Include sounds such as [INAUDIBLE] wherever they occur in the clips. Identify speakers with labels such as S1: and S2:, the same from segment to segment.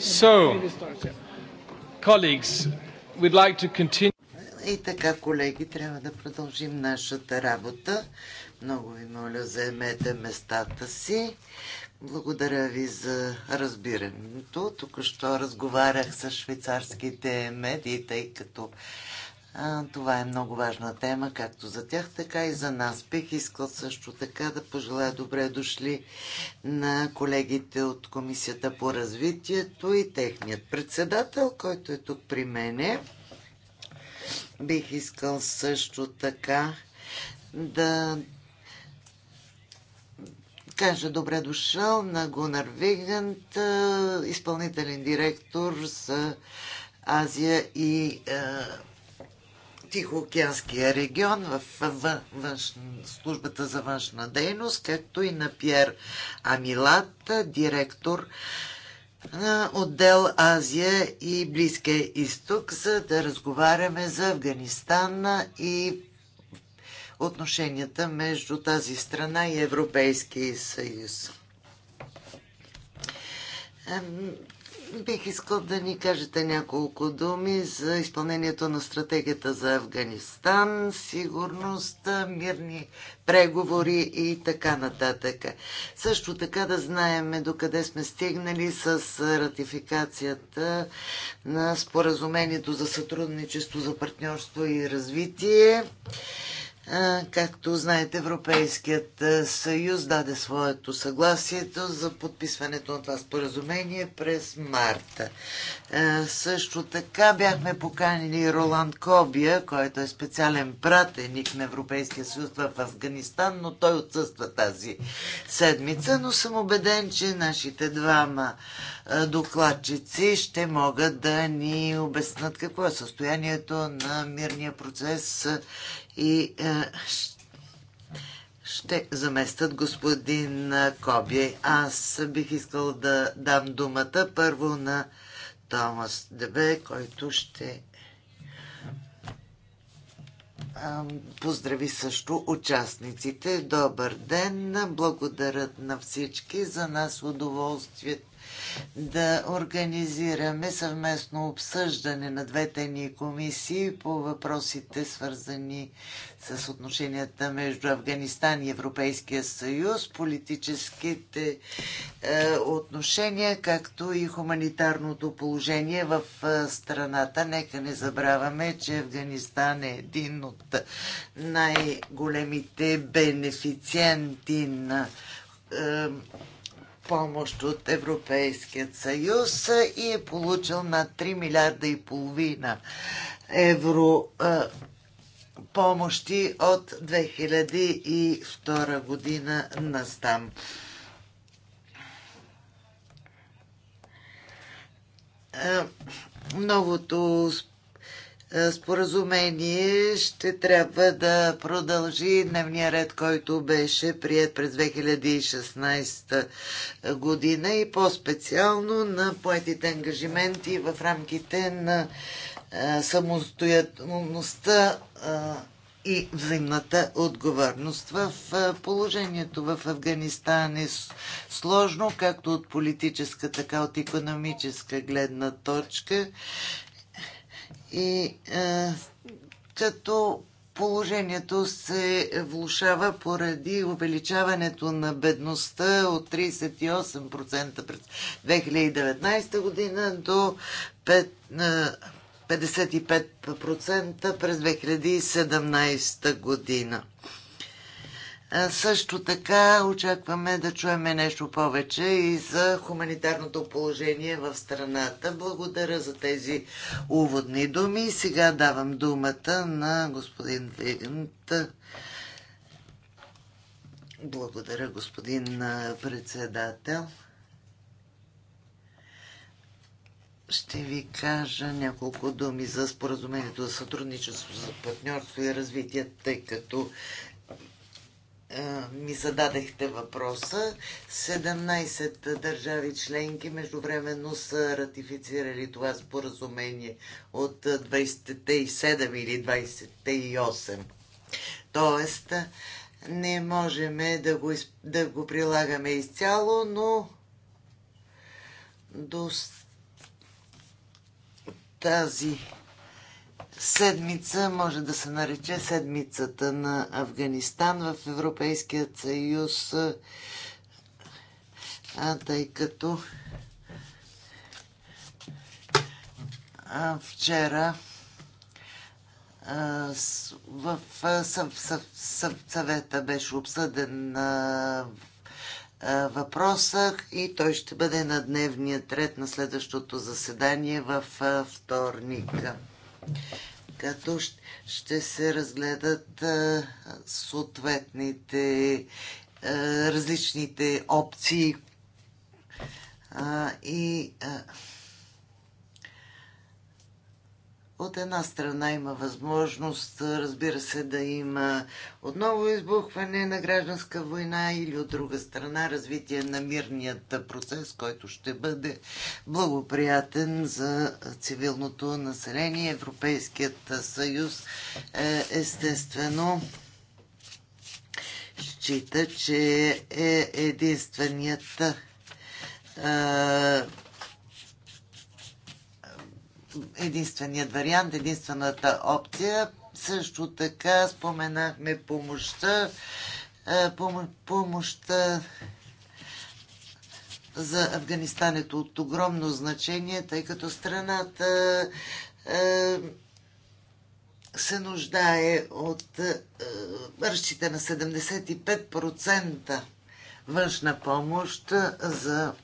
S1: So, colleagues, we'd like to continue. И така, колеги, трябва да продължим нашата работа. Много ви моля, заемете местата си. Благодаря ви за разбирането. Тук що разговарях с швейцарските медии, тъй като това е много важна тема, както за тях, така и за нас. Бих искал също така да пожелая добре дошли на колегите от Комисията по развитието и техният председател, който е тук при мене. Бих искал също така да кажа добре дошъл на Гунар Вигант, изпълнителен директор за Азия и Тихоокеанския регион в службата за външна дейност, както и на Пьер Амилат, директор на отдел Азия и Близкия изток, за да разговаряме за Афганистан и отношенията между тази страна и Европейския съюз. Бих искал да ни кажете няколко думи за изпълнението на стратегията за Афганистан, сигурност, мирни преговори и така нататък. Също така да знаем докъде сме стигнали с ратификацията на споразумението за сътрудничество за партньорство и развитие Както знаете, Европейският съюз даде своето съгласието за подписването на това споразумение през марта. Също така бяхме поканили Роланд Кобия, който е специален пратеник на Европейския съюз в Афганистан, но той отсъства тази седмица, но съм убеден, че нашите двама докладчици ще могат да ни обяснат какво е състоянието на мирния процес и е, ще заместят господин е, Коби. Аз бих искал да дам думата първо на Томас Дебе, който ще поздрави също участниците. Добър ден! Благодаря на всички. За нас удоволствието да организираме съвместно обсъждане на двете ни комисии по въпросите свързани с отношенията между Афганистан и Европейския съюз, политическите е, отношения, както и хуманитарното положение в е, страната. Нека не забравяме, че Афганистан е един от най-големите бенефициенти на е, помощ от Европейският съюз и е получил над 3 милиарда и половина евро помощи от 2002 година настам. Новото е, споразумение ще трябва да продължи дневния ред, който беше прият през 2016 година и по-специално на поетите ангажименти в рамките на е, самостоятелността е, и взаимната отговорност. В положението в Афганистан е сложно, както от политическа, така от економическа гледна точка и е, като положението се влушава поради увеличаването на бедността от 38% през 2019 година до 5, е, 55% през 2017 година. Също така очакваме да чуеме нещо повече и за хуманитарното положение в страната. Благодаря за тези уводни думи. Сега давам думата на господин Вигант. Благодаря, господин председател. Ще ви кажа няколко думи за споразумението за сътрудничество, за партньорство и развитие, тъй като е, ми зададехте въпроса. 17 държави членки междувременно са ратифицирали това споразумение от 27 или 28. Тоест, не можем да го, да го прилагаме изцяло, но до тази седмица може да се нарече седмицата на Афганистан в Европейският съюз, а, тъй като а, вчера в съвета беше обсъден въпроса и той ще бъде на дневния ред на следващото заседание в вторник като ще се разгледат съответните различните опции и от една страна има възможност, разбира се, да има отново избухване на гражданска война или от друга страна развитие на мирният процес, който ще бъде благоприятен за цивилното население. Европейският съюз е, естествено счита, че е единственият е, единственият вариант, единствената опция. Също така споменахме помощта, е, помощта за Афганистан е от огромно значение, тъй като страната е, се нуждае от вършите ръщите на 75% външна помощ за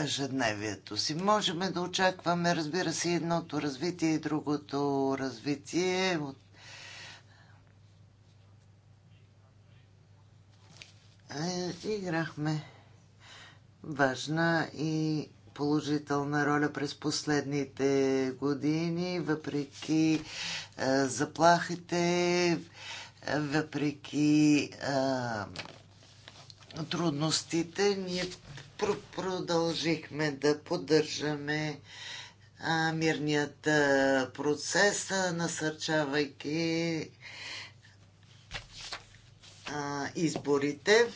S1: ежедневието си. Можем да очакваме, разбира се, едното развитие и другото развитие. Е, играхме важна и положителна роля през последните години, въпреки е, заплахите, въпреки е, трудностите. Ние продължихме да поддържаме а, мирният а, процес, а, насърчавайки а, изборите.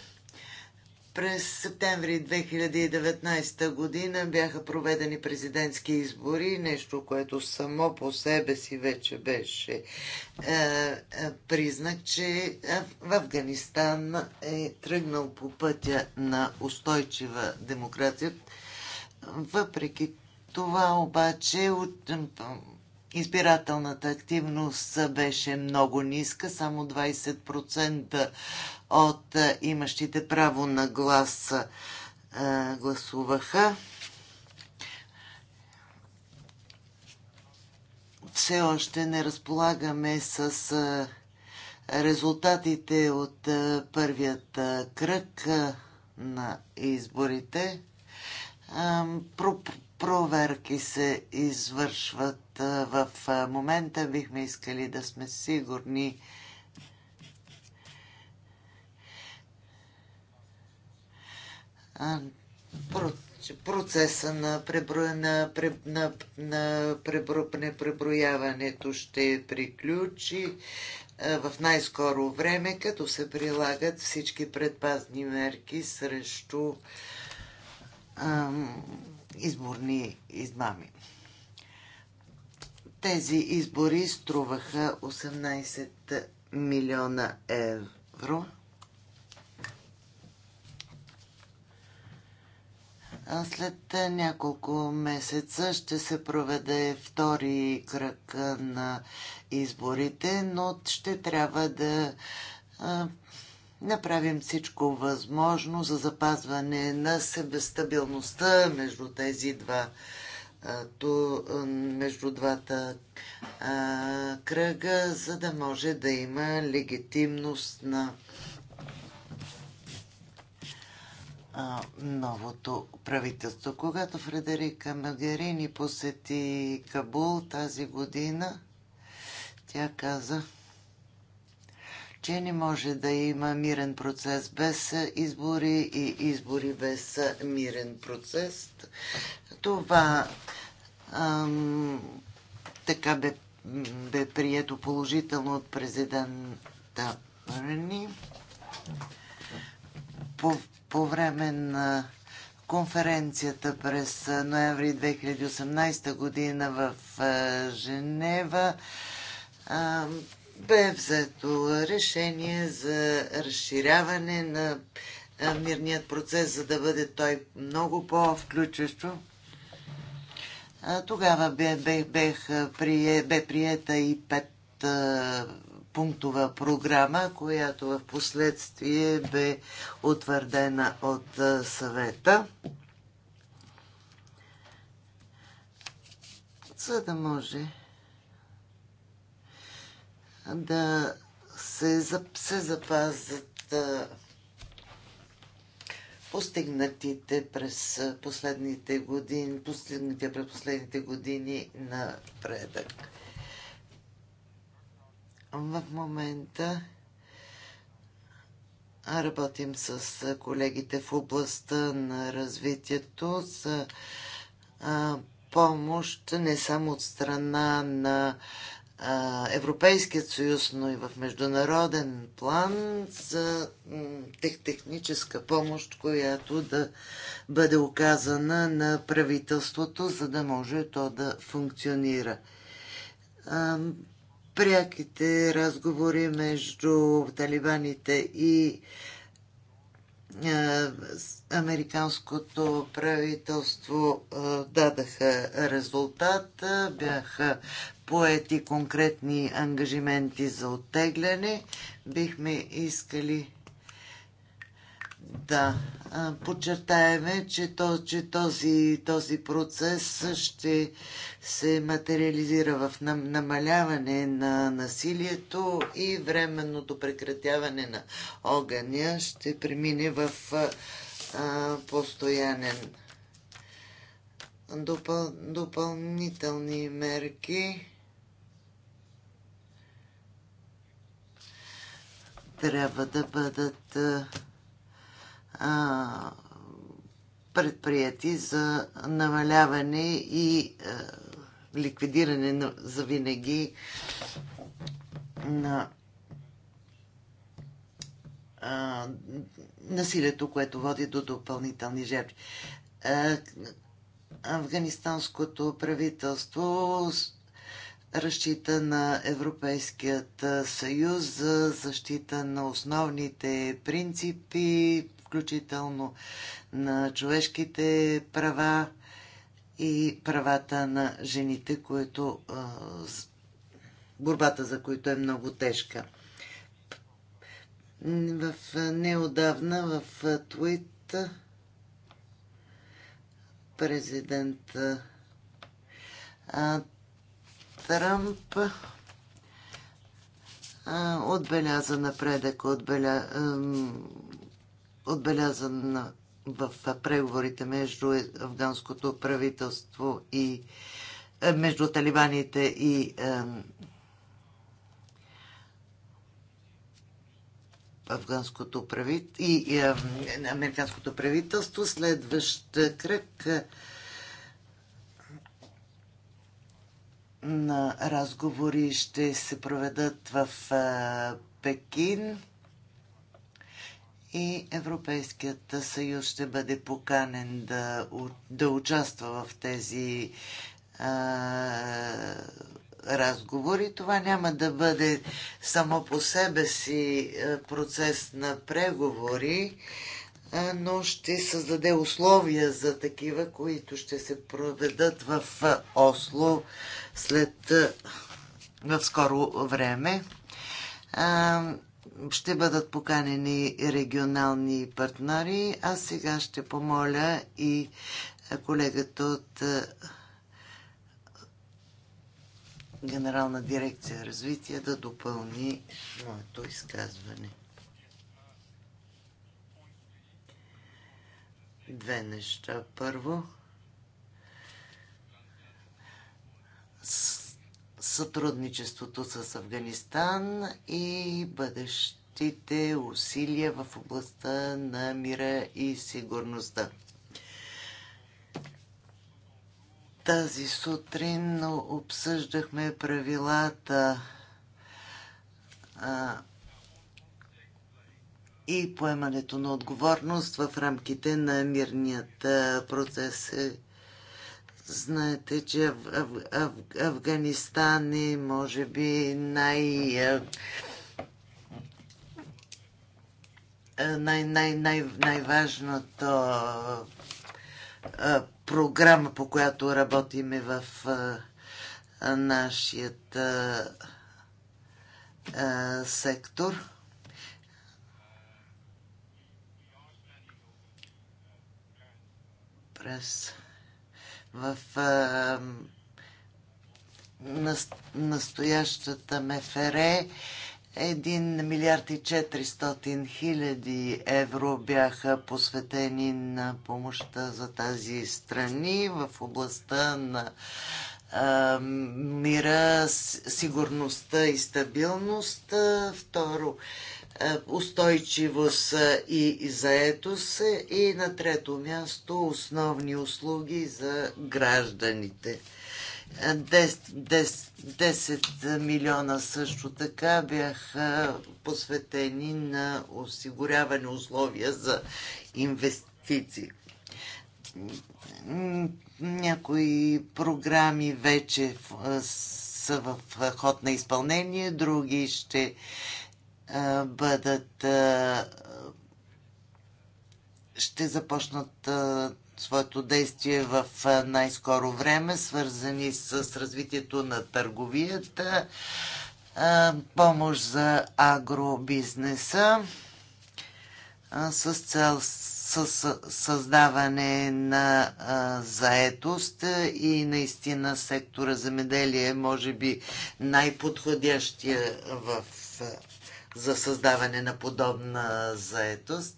S1: През септември 2019 година бяха проведени президентски избори, нещо, което само по себе си вече беше е, е, признак, че в Афганистан е тръгнал по пътя на устойчива демокрация. Въпреки това обаче от, избирателната активност беше много ниска, само 20% от е, имащите право на глас е, гласуваха. Все още не разполагаме с е, резултатите от първият кръг на изборите. Проверки се извършват в момента. Бихме искали да сме сигурни, процеса на, на, пре... на, на пребро... преброяването ще приключи в най-скоро време, като се прилагат всички предпазни мерки срещу изборни измами. Тези избори струваха 18 милиона евро. След е, няколко месеца ще се проведе втори кръг е, на изборите, но ще трябва да е, направим всичко възможно за запазване на себестабилността между тези два между двата кръга, за да може да има легитимност на а, новото правителство. Когато Фредерика Магерини посети Кабул тази година, тя каза, че не може да има мирен процес без избори и избори без мирен процес. Това ам, така бе, бе прието положително от президента Рени. По, по време на конференцията през ноември 2018 година в Женева бе взето решение за разширяване на мирният процес, за да бъде той много по-включващо. Тогава бе, бе, бе, бе, бе приета и пет пунктова програма, която в последствие бе утвърдена от съвета, за да може да се, се запазят постигнатите през последните години, постигнатите през последните години напредък. В момента работим с колегите в областта на развитието за помощ не само от страна на Европейският съюз, но и в международен план за тех техническа помощ, която да бъде оказана на правителството, за да може то да функционира пряките разговори между талибаните и американското правителство дадаха резултат, бяха поети конкретни ангажименти за оттегляне. Бихме искали да подчертаем, че, то, че този, този процес ще се материализира в намаляване на насилието и временното прекратяване на огъня ще премине в а, постоянен допъл, допълнителни мерки. Трябва да бъдат предприяти за намаляване и а, ликвидиране на, за винаги на а, насилието, което води до допълнителни жертви. Афганистанското правителство разчита на Европейският съюз за защита на основните принципи, включително на човешките права и правата на жените, които, борбата за които е много тежка. В неодавна в твит президент Трамп отбеляза напредък, отбеля, отбелязан в преговорите между афганското правителство и е, между талибаните и афганското правителство и, и американското правителство. Следващ кръг е, на разговори ще се проведат в е, Пекин и Европейският съюз ще бъде поканен да, да участва в тези а, разговори. Това няма да бъде само по себе си процес на преговори, но ще създаде условия за такива, които ще се проведат в Осло след в скоро време ще бъдат поканени регионални партньори. А сега ще помоля и колегата от е, Генерална дирекция развитие да допълни моето изказване. Две неща. Първо, с сътрудничеството с Афганистан и бъдещите усилия в областта на мира и сигурността. Тази сутрин обсъждахме правилата а, и поемането на отговорност в рамките на мирният процес. Знаете, че Аф, Аф, Аф, Афганистан е, може би, най- най- най- най- най важното програма, по която работиме в нашият сектор. През в а, настоящата МФР 1 е милиард и 400 хиляди евро бяха посветени на помощта за тази страни в областта на а, мира, сигурността и стабилност. Второ, е, устойчивост е, и заетост е, и на трето място основни услуги за гражданите. 10, 10, 10 милиона също така бяха посветени на осигуряване условия за инвестиции. Някои програми вече са в ход на изпълнение, други ще бъдат ще започнат своето действие в най-скоро време, свързани с развитието на търговията, помощ за агробизнеса с цел създаване на заетост и наистина сектора земеделие е може би най-подходящия в за създаване на подобна заетост.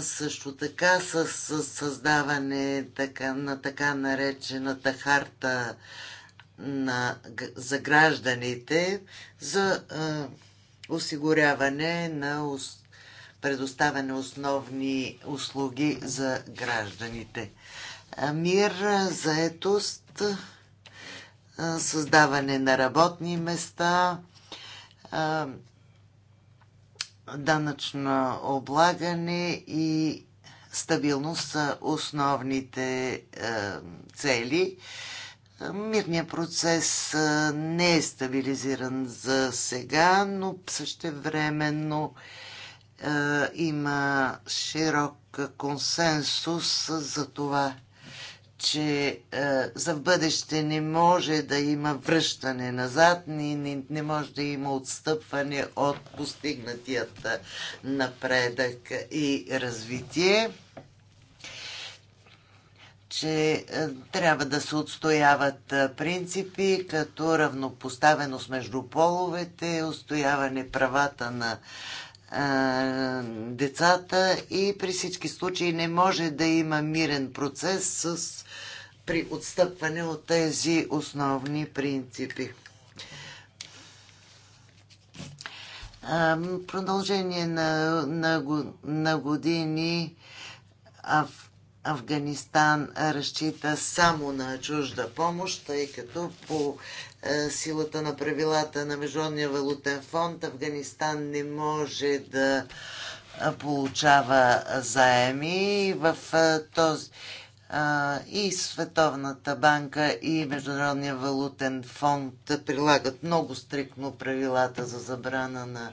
S1: Също така с, създаване така, на така наречената харта на, за гражданите за а, осигуряване на ос, предоставяне основни услуги за гражданите. Мир, заетост, създаване на работни места – данъчно облагане и стабилност са основните цели. Мирният процес не е стабилизиран за сега, но същевременно има широк консенсус за това, че е, за в бъдеще не може да има връщане назад, не, не, не може да има отстъпване от постигнатият е, напредък и развитие, че е, трябва да се отстояват е, принципи като равнопоставеност между половете, устояване правата на децата и при всички случаи не може да има мирен процес с, при отстъпване от тези основни принципи. Продължение на, на, на години Аф, Афганистан разчита само на чужда помощ, тъй като по е, силата на правилата на Международния валутен фонд. Афганистан не може да е, получава заеми в е, този и Световната банка и Международния валутен фонд прилагат много стрикно правилата за забрана на,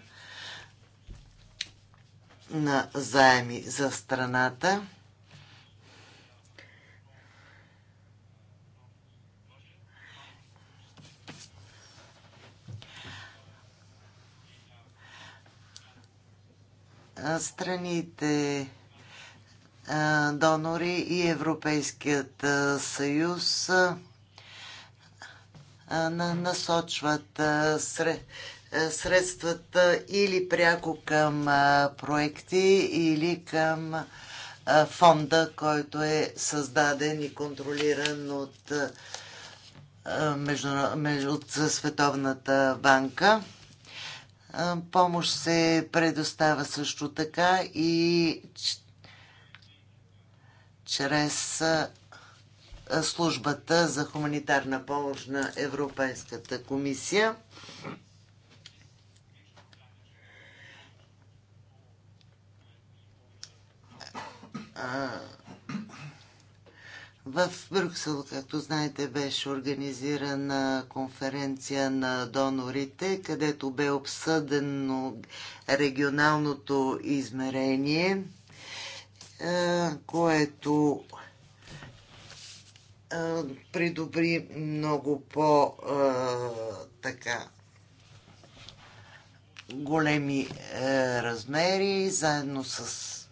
S1: на заеми за страната. страните донори и Европейският съюз насочват средствата или пряко към проекти, или към фонда, който е създаден и контролиран от, от Световната банка. Помощ се предостава също така и чрез службата за хуманитарна помощ на Европейската комисия. А, в Брюксел, както знаете, беше организирана конференция на донорите, където бе обсъдено регионалното измерение, е, което е, придобри много по е, така големи размери, заедно с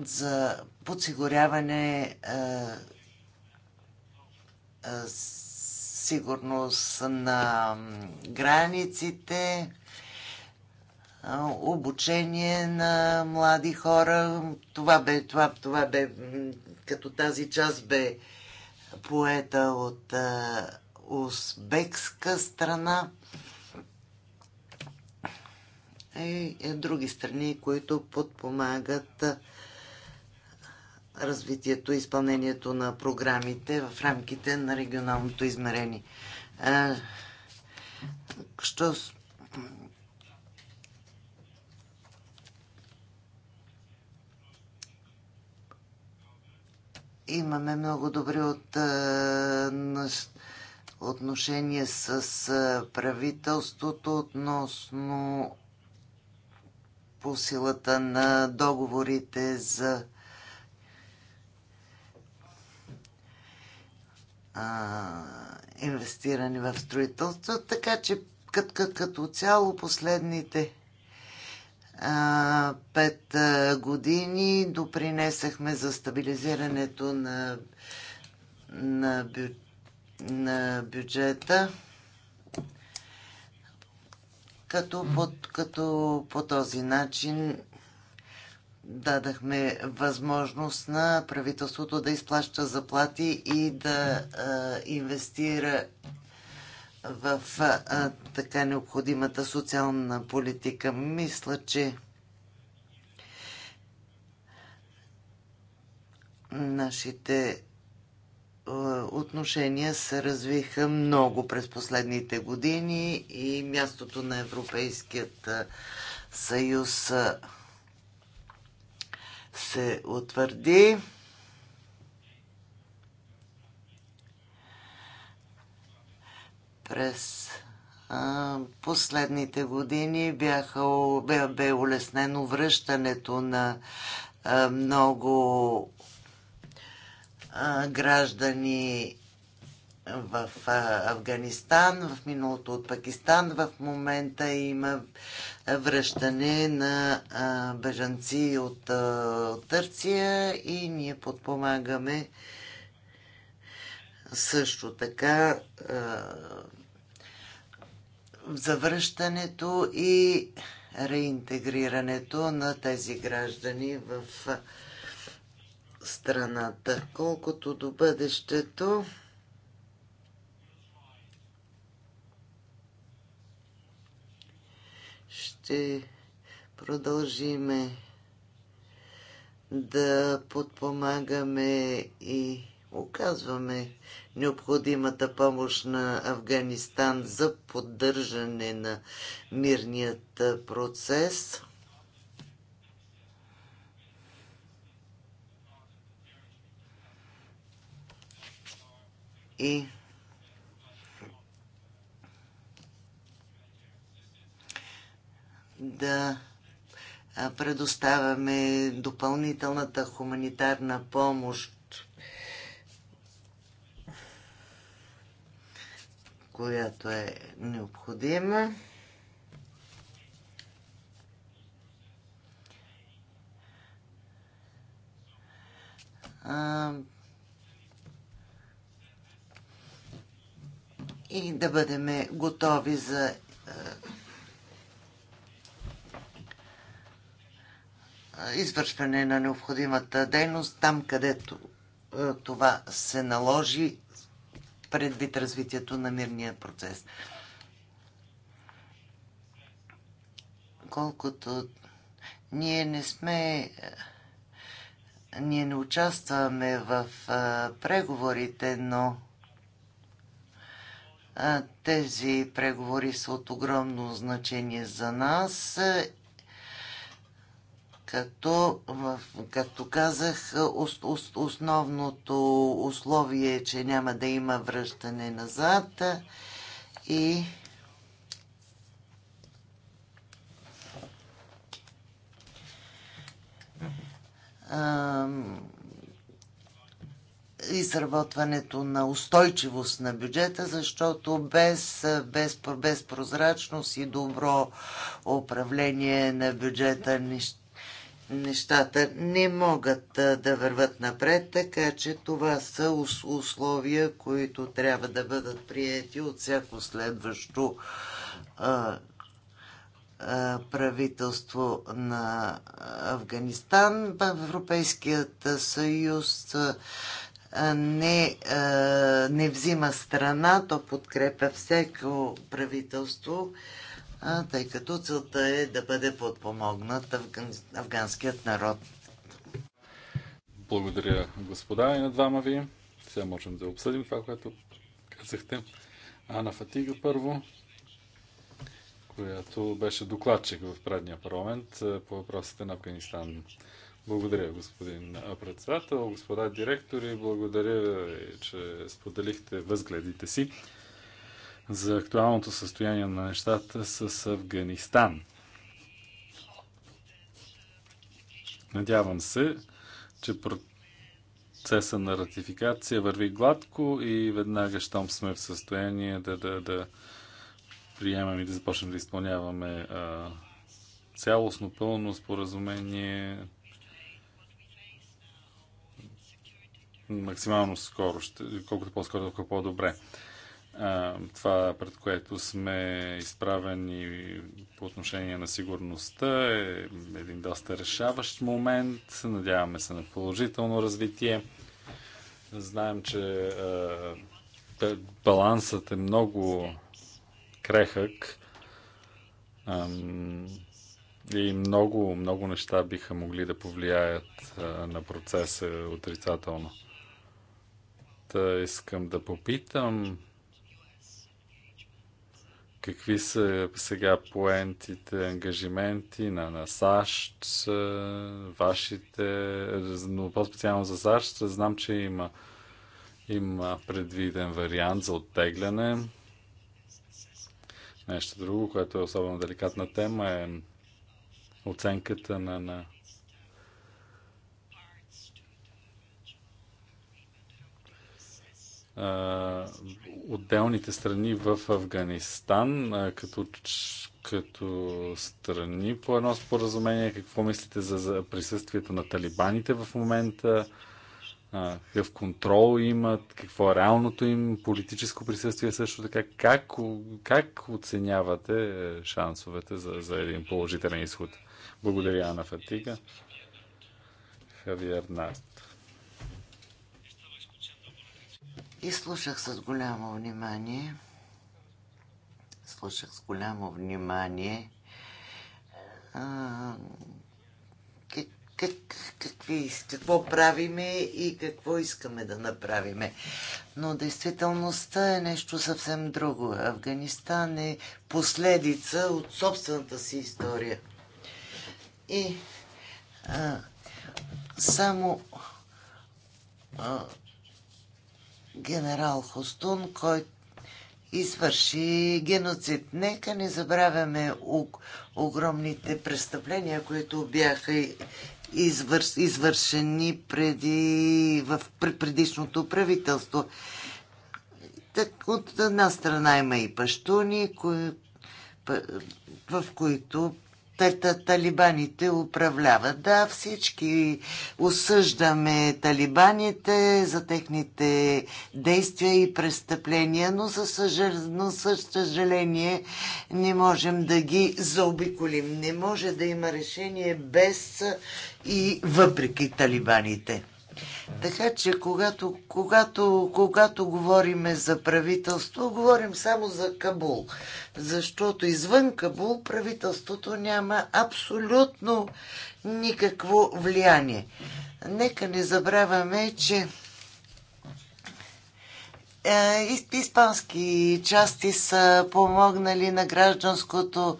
S1: за подсигуряване е, е, сигурност на границите, е, обучение на млади хора. Това бе, това, това бе като тази част бе поета от а, узбекска страна и други страни, които подпомагат развитието и изпълнението на програмите в рамките на регионалното измерение. Що имаме много добри от, отношения с правителството относно по силата на договорите за а, инвестирани в строителство, така че кът, кът, като цяло последните а, пет а, години допринесахме за стабилизирането на, на, бю, на бюджета като под, като по този начин дадахме възможност на правителството да изплаща заплати и да а, инвестира в а, така необходимата социална политика. Мисля, че нашите отношения се развиха много през последните години и мястото на Европейският съюз се утвърди. През а, последните години бяха, бе, бе улеснено връщането на а, много а, граждани в Афганистан, в миналото от Пакистан. В момента има връщане на бежанци от Търция и ние подпомагаме също така завръщането и реинтегрирането на тези граждани в страната. Колкото до бъдещето, ще продължиме да подпомагаме и оказваме необходимата помощ на Афганистан за поддържане на мирният процес. И да предоставяме допълнителната хуманитарна помощ, която е необходима. и да бъдем готови за извършване на необходимата дейност там, където е, това се наложи предвид развитието на мирния процес. Колкото ние не сме е, ние не участваме в е, преговорите, но тези преговори са от огромно значение за нас като, както казах, основното условие е, че няма да има връщане назад и изработването на устойчивост на бюджета, защото без, без, без прозрачност и добро управление на бюджета нищо нещата не могат да върват напред, така че това са условия, които трябва да бъдат приети от всяко следващо а, а, правителство на Афганистан. Европейският съюз не, а, не взима страна, то подкрепя всяко правителство. А, тъй като целта е да бъде подпомогнат афган... афганският народ.
S2: Благодаря, господа, и на двама ви. Сега можем да обсъдим това, което казахте. Ана Фатига първо, която беше докладчик в предния парламент по въпросите на Афганистан. Благодаря, господин председател, господа директори, благодаря, че споделихте възгледите си за актуалното състояние на нещата с Афганистан. Надявам се, че процеса на ратификация върви гладко и веднага, щом сме в състояние да, да, да приемем и да започнем да изпълняваме а, цялостно, пълно споразумение, максимално скоро, ще, колкото по-скоро, толкова по-добре това, пред което сме изправени по отношение на сигурността, е един доста решаващ момент. Надяваме се на положително развитие. Знаем, че балансът е много крехък и много, много неща биха могли да повлияят на процеса отрицателно. Та искам да попитам какви са сега поентите, ангажименти на, на САЩ, вашите, но по-специално за САЩ, знам, че има, има предвиден вариант за оттегляне. Нещо друго, което е особено деликатна тема е оценката на, на отделните страни в Афганистан, като, като страни по едно споразумение, какво мислите за, за присъствието на талибаните в момента, какъв контрол имат, какво е реалното им политическо присъствие също така, как, как оценявате е, шансовете за, за един положителен изход? Благодаря, Ана Фатига. Хавиер Наст.
S1: И слушах с голямо внимание слушах с голямо внимание а, как, как, какви, какво правиме и какво искаме да направиме. Но действителността е нещо съвсем друго. Афганистан е последица от собствената си история. И а, само а, генерал Хостун, който извърши геноцид. Нека не забравяме огромните престъпления, които бяха извър... извършени преди, в предишното правителство. Так, от една страна има и пащуни, кои, в които талибаните управляват. Да, всички осъждаме талибаните за техните действия и престъпления, но за съжаление не можем да ги заобиколим. Не може да има решение без и въпреки талибаните. Така че, когато, когато, когато говорим за правителство, говорим само за Кабул. Защото извън Кабул правителството няма абсолютно никакво влияние. Нека не забравяме, че е, испански части са помогнали на гражданското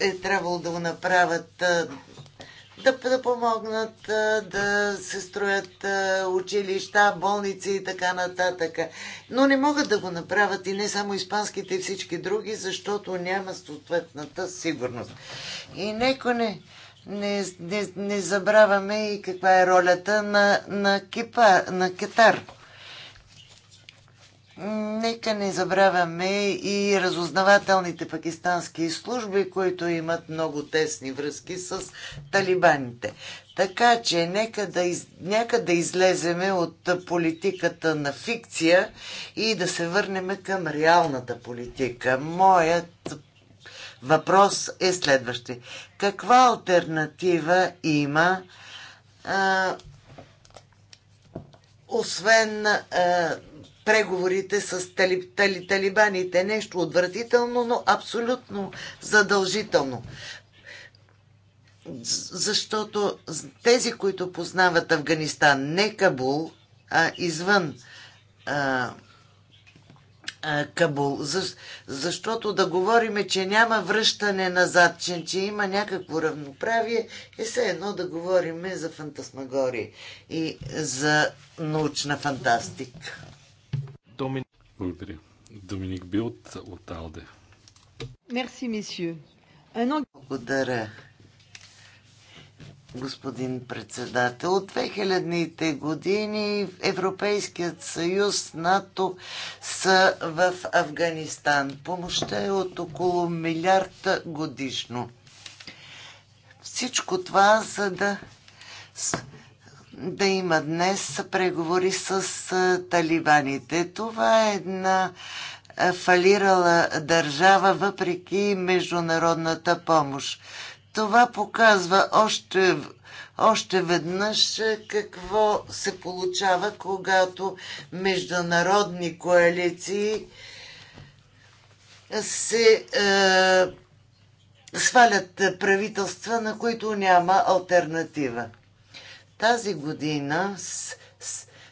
S1: е трябвало да го направят е, да, да помогнат да се строят училища, болници и така нататък. Но не могат да го направят и не само испанските и всички други, защото няма съответната сигурност. И неко не, не, не, не забравяме и каква е ролята на, на, Кипа, на Китар. Нека не забравяме и разузнавателните пакистански служби, които имат много тесни връзки с талибаните. Така че нека да, из, нека да излеземе от политиката на фикция и да се върнем към реалната политика. Моят въпрос е следващи. Каква альтернатива има а, освен а, преговорите с тали, тали, талибаните. Нещо отвратително, но абсолютно задължително. Защото тези, които познават Афганистан, не Кабул, а извън а, а, Кабул. За, защото да говориме, че няма връщане назад, че, че има някакво равноправие, е все едно да говориме за фантасмагория и за научна фантастика.
S2: Домин... Благодаря.
S1: Доминик Билт от Алде. Мерси, месье. Благодаря, господин председател. От 2000-те години Европейският съюз, НАТО са в Афганистан. Помощта е от около милиарда годишно. Всичко това, за да да има днес преговори с талибаните. Това е една фалирала държава въпреки международната помощ. Това показва още, още веднъж какво се получава, когато международни коалиции се е, свалят правителства, на които няма альтернатива. Тази година 17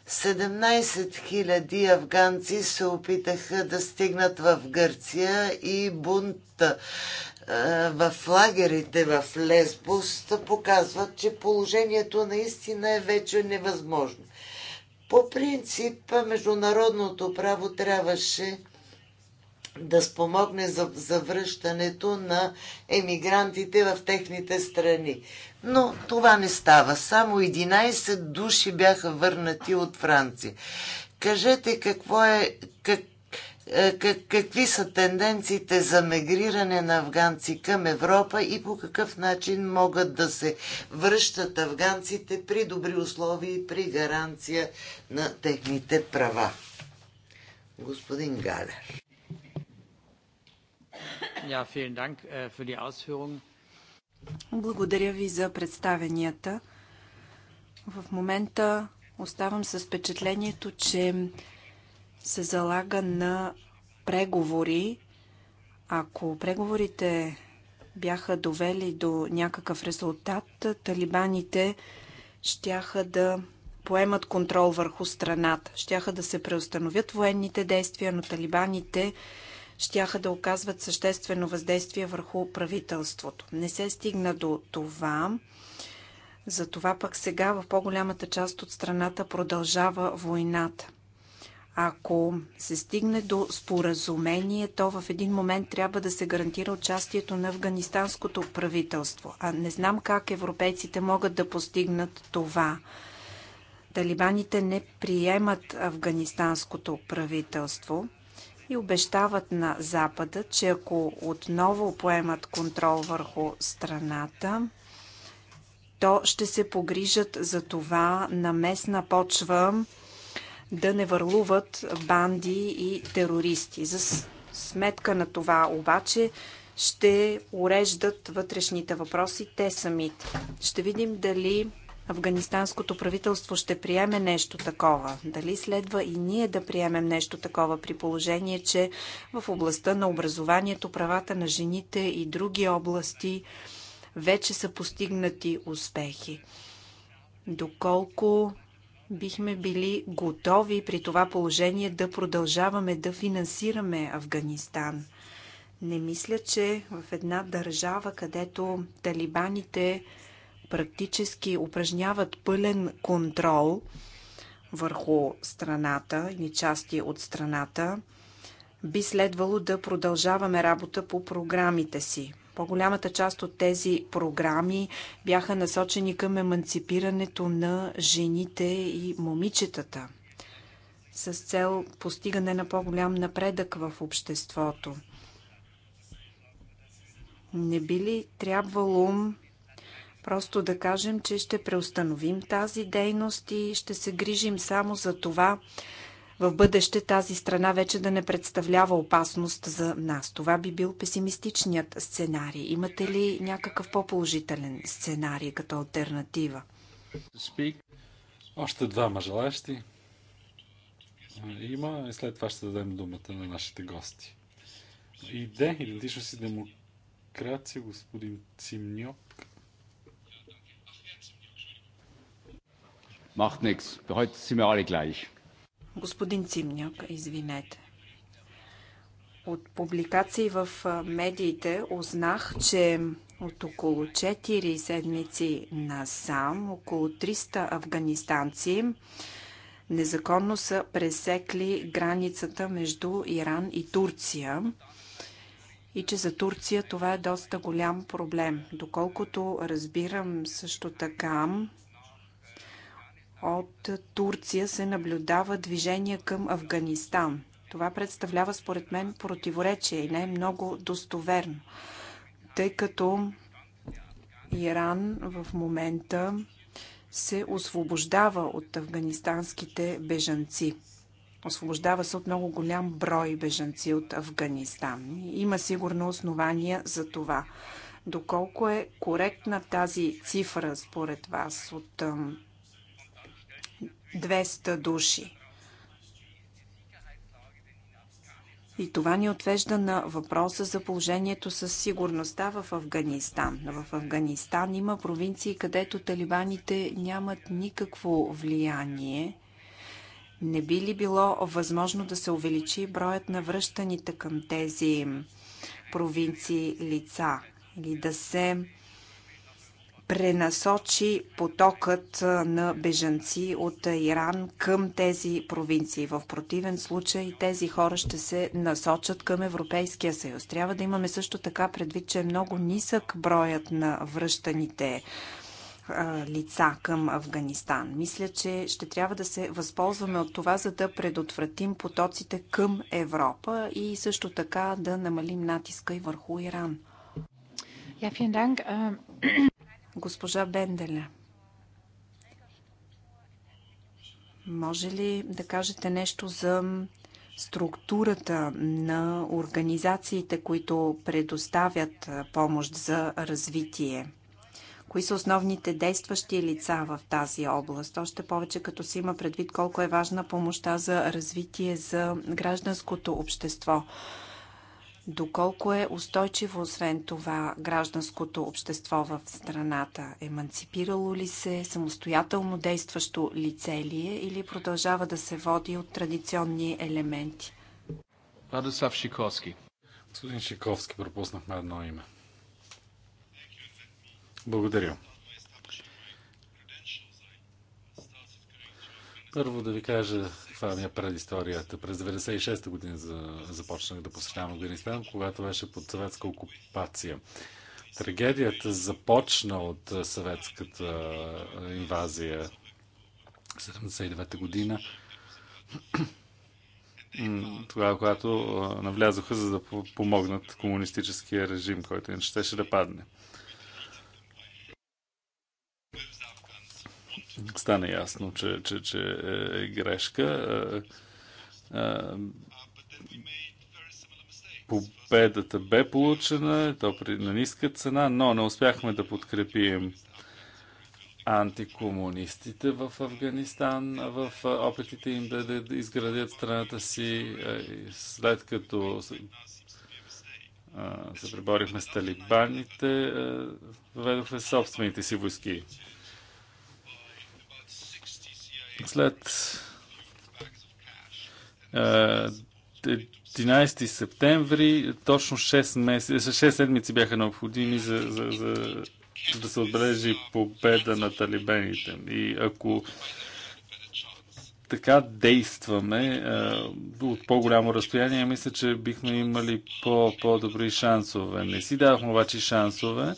S1: 000 афганци се опитаха да стигнат в Гърция и бунт в лагерите в Лесбос показват, че положението наистина е вече невъзможно. По принцип, международното право трябваше да спомогне за, за връщането на емигрантите в техните страни. Но това не става. Само 11 души бяха върнати от Франция. Кажете какво е, как, е, как, какви са тенденциите за мигриране на афганци към Европа и по какъв начин могат да се връщат афганците при добри условия и при гаранция на техните права. Господин Галер. Äh,
S3: Благодаря ви за представенията. В момента оставам с впечатлението, че се залага на преговори. Ако преговорите бяха довели до някакъв резултат, талибаните щяха да поемат контрол върху страната. Щяха да се преустановят военните действия, но талибаните щяха да оказват съществено въздействие върху правителството. Не се стигна до това. Затова пък сега в по-голямата част от страната продължава войната. Ако се стигне до споразумение, то в един момент трябва да се гарантира участието на афганистанското правителство. А не знам как европейците могат да постигнат това. Талибаните не приемат афганистанското правителство – и обещават на Запада, че ако отново поемат контрол върху страната, то ще се погрижат за това на местна почва да не върлуват банди и терористи. За сметка на това обаче ще уреждат вътрешните въпроси те самите. Ще видим дали афганистанското правителство ще приеме нещо такова? Дали следва и ние да приемем нещо такова при положение, че в областта на образованието, правата на жените и други области вече са постигнати успехи? Доколко бихме били готови при това положение да продължаваме да финансираме Афганистан? Не мисля, че в една държава, където талибаните практически упражняват пълен контрол върху страната или части от страната, би следвало да продължаваме работа по програмите си. По-голямата част от тези програми бяха насочени към еманципирането на жените и момичетата с цел постигане на по-голям напредък в обществото. Не би ли трябвало Просто да кажем, че ще преустановим тази дейност и ще се грижим само за това в бъдеще тази страна вече да не представлява опасност за нас. Това би бил песимистичният сценарий. Имате ли някакъв по-положителен сценарий като альтернатива?
S2: Още двама желаящи има и след това ще дадем думата на нашите гости. Иде, идентично си демокрация, господин Цимньок. Macht nichts. Heute sind wir alle gleich.
S3: Господин Цимняк, извинете. От публикации в медиите узнах, че от около 4 седмици насам, около 300 афганистанци незаконно са пресекли границата между Иран и Турция и че за Турция това е доста голям проблем. Доколкото разбирам също така, от Турция се наблюдава движение към Афганистан. Това представлява според мен противоречие и не е много достоверно, тъй като Иран в момента се освобождава от афганистанските бежанци. Освобождава се от много голям брой бежанци от Афганистан. Има сигурно основания за това. Доколко е коректна тази цифра според вас от 200 души. И това ни отвежда на въпроса за положението със сигурността в Афганистан. В Афганистан има провинции, където талибаните нямат никакво влияние. Не би ли било възможно да се увеличи броят на връщаните към тези провинции лица? Или да се пренасочи потокът на бежанци от Иран към тези провинции. В противен случай тези хора ще се насочат към Европейския съюз. Трябва да имаме също така предвид, че е много нисък броят на връщаните лица към Афганистан. Мисля, че ще трябва да се възползваме от това, за да предотвратим потоците към Европа и също така да намалим натиска и върху Иран. Ja, vielen Dank. Äh, Госпожа Бенделя, може ли да кажете нещо за структурата на организациите, които предоставят помощ за развитие? Кои са основните действащи лица в тази област? Още повече като се има предвид колко е важна помощта за развитие за гражданското общество. Доколко е устойчиво, освен това, гражданското общество в страната? Еманципирало ли се, самостоятелно действащо лице ли е или продължава да се води от традиционни елементи?
S2: Радослав Шиковски. Господин Шиковски, пропуснахме едно име. Благодаря. Първо да ви кажа това ми е предисторията. През 1996 година започнах да посещавам Афганистан, когато беше под съветска окупация. Трагедията започна от съветската инвазия 79-та година. Тогава, когато навлязоха, за да помогнат комунистическия режим, който не щеше да падне. стана ясно, че, че, че е, е грешка. Е, е, победата бе получена, то при, на ниска цена, но не успяхме да подкрепим антикомунистите в Афганистан в опитите им да, да, да изградят страната си, след като се приборихме с талибаните, въведохме собствените си войски. След 11 е, септември, точно 6, меси, 6 седмици бяха необходими за, за, за да се отбележи победа на талибените. И ако така действаме е, от по-голямо разстояние, мисля, че бихме имали по- по-добри шансове. Не си давахме обаче шансове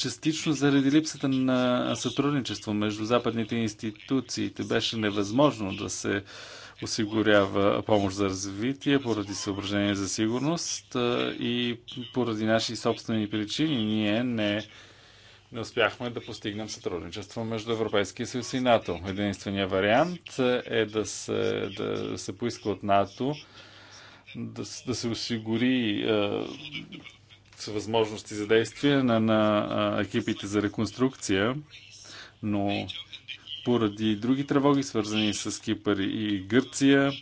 S2: частично заради липсата на сътрудничество между западните институциите. Беше невъзможно да се осигурява помощ за развитие поради съображение за сигурност и поради наши собствени причини ние не не успяхме да постигнем сътрудничество между Европейския съюз и НАТО. Единственият вариант е да се, да се поиска от НАТО да, да се осигури е, възможности за действие на, на екипите за реконструкция, но поради други тревоги, свързани с Кипър и Гърция,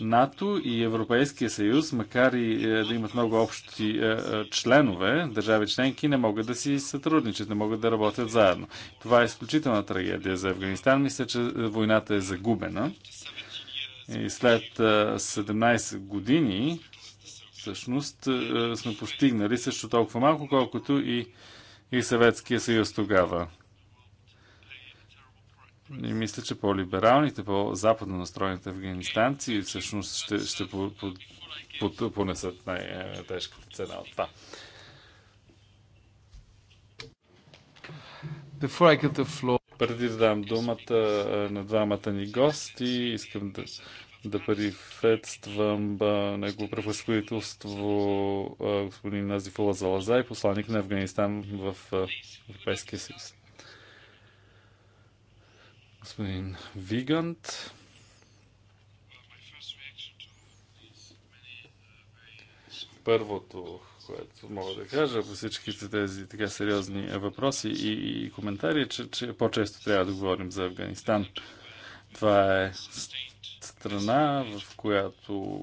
S2: НАТО и Европейския съюз, макар и е, да имат много общи е, е, членове, държави членки не могат да си сътрудничат, не могат да работят заедно. Това е изключителна трагедия за Афганистан. Мисля, че войната е загубена. И след 17 години всъщност е, е, сме постигнали също толкова малко, колкото и, и Съветския съюз тогава. И мисля, че по-либералните, по-западно настроените афганистанци всъщност ще, ще по, по, по, понесат най-тежката цена от това. Before I get the floor... Преди да дам думата е, на двамата ни гости, искам да да приветствам негово превъзходителство господин Назифула Залаза и посланник на Афганистан в Европейския съюз. Господин Вигант. Първото, което мога да кажа по всичките тези така сериозни въпроси и, и коментари, е, че, че по-често трябва да говорим за Афганистан. Това е страна, в която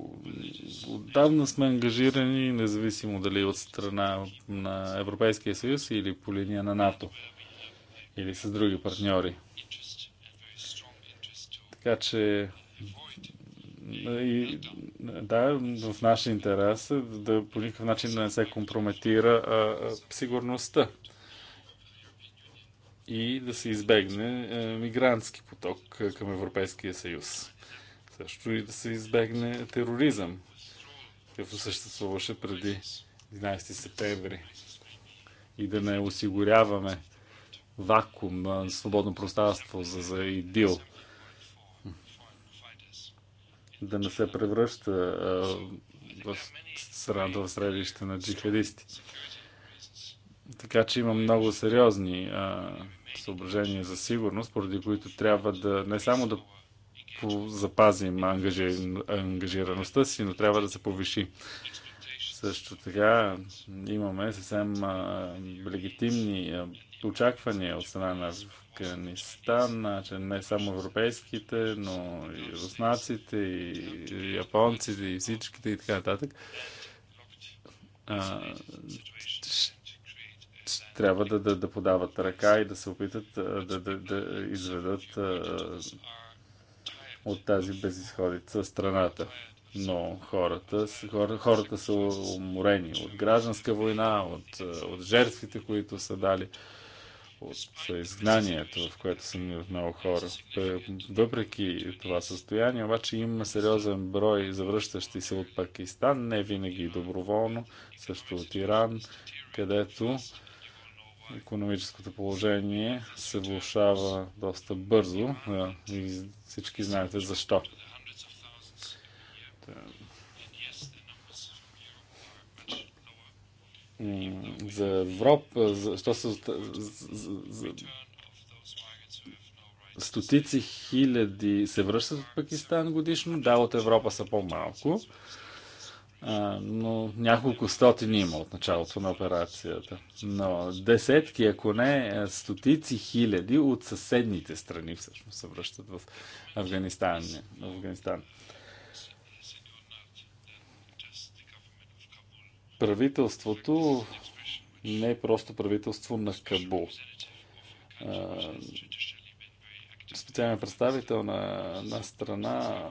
S2: отдавна сме ангажирани, независимо дали от страна на Европейския съюз или по линия на НАТО или с други партньори. Така че и, да, в наш интерес е да по никакъв начин да не се компрометира а, а, сигурността и да се избегне а, е, мигрантски поток е, към Европейския съюз също и да се избегне тероризъм, като съществуваше преди 11 септември. И да не осигуряваме вакуум, свободно пространство за, за идил. Да не се превръща а, в страната в средище на джихадисти. Така че има много сериозни а, съображения за сигурност, поради които трябва да не само да запазим ангажираността си, но трябва да се повиши. Също така имаме съвсем легитимни очаквания от страна на Афганистан, че значи не само европейските, но и руснаците, и японците, и всичките, и така нататък. трябва да, да, да подават ръка и да се опитат да, да, да изведат а, от тази безисходица страната. Но хората, хор, хората са уморени от гражданска война, от, е, от жертвите, които са дали, от изгнанието, в което са минали много хора. Въпреки това състояние, обаче има сериозен брой завръщащи се от Пакистан, не винаги доброволно, също от Иран, където економическото положение се влушава доста бързо и всички знаете защо. За Европа, за, що са, за, стотици хиляди се връщат от Пакистан годишно, да, от Европа са по-малко но няколко стотин има от началото на операцията. Но десетки, ако не е, стотици хиляди от съседните страни всъщност се връщат в Афганистан. Афганистан. Правителството не е просто правителство на Кабул. специален представител на, на страна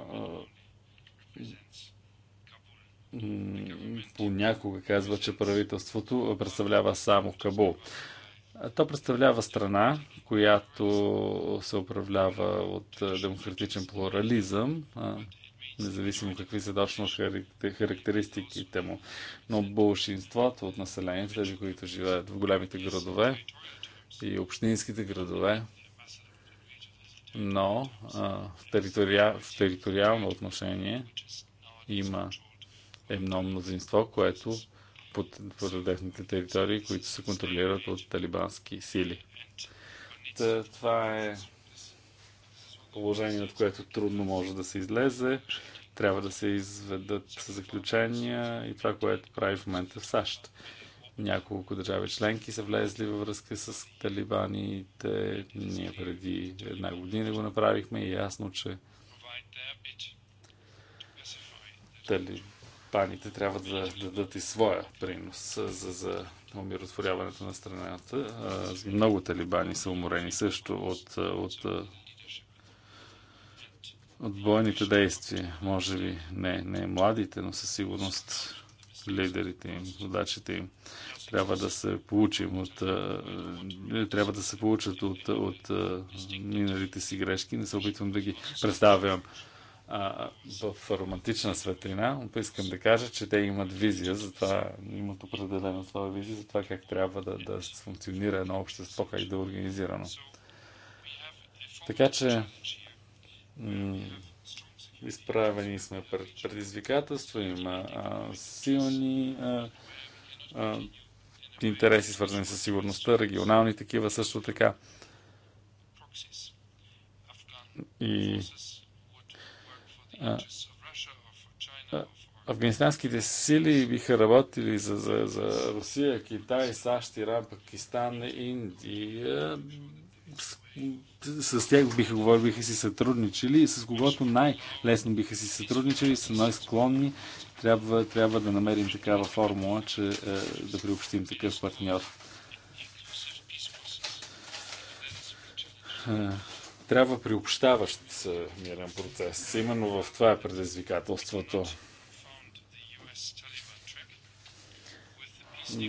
S2: понякога казва, че правителството представлява само Кабул. То представлява страна, която се управлява от демократичен плурализъм, независимо какви са точно характеристиките му. Но большинството от населението, тези, които живеят в големите градове и общинските градове, но а, в, територия, в териториално отношение има едно мнозинство, което под въздухните територии, които се контролират от талибански сили. Та, това е положение, от което трудно може да се излезе. Трябва да се изведат заключения и това, което прави в момента в САЩ. Няколко държави членки са влезли във връзка с талибаните. Ние преди една година го направихме и е ясно, че талибаните Балканите трябва да дадат и своя принос за, за умиротворяването на страната. Много талибани са уморени също от, от, от бойните действия. Може би не, не младите, но със сигурност лидерите им, водачите им трябва да се получим от, е, трябва да се получат от, от миналите си грешки. Не се опитвам да ги представям а, в романтична светлина, но искам да кажа, че те имат визия, за това имат определена своя визия за това как трябва да, да функционира едно общество, как да е организирано. Така че изправени сме пред предизвикателства, има а, силни а, а, интереси, свързани с сигурността, регионални такива също така. И афганистанските сили биха работили за, за, за Русия, Китай, САЩ, Иран, Пакистан, Индия. С, с, тях биха говорили, биха си сътрудничили и с когото най-лесно биха си сътрудничили, са най-склонни. Трябва, трябва да намерим такава формула, че е, да приобщим такъв партньор. Е. Трябва приобщаващ мирен процес. Именно в това е предизвикателството.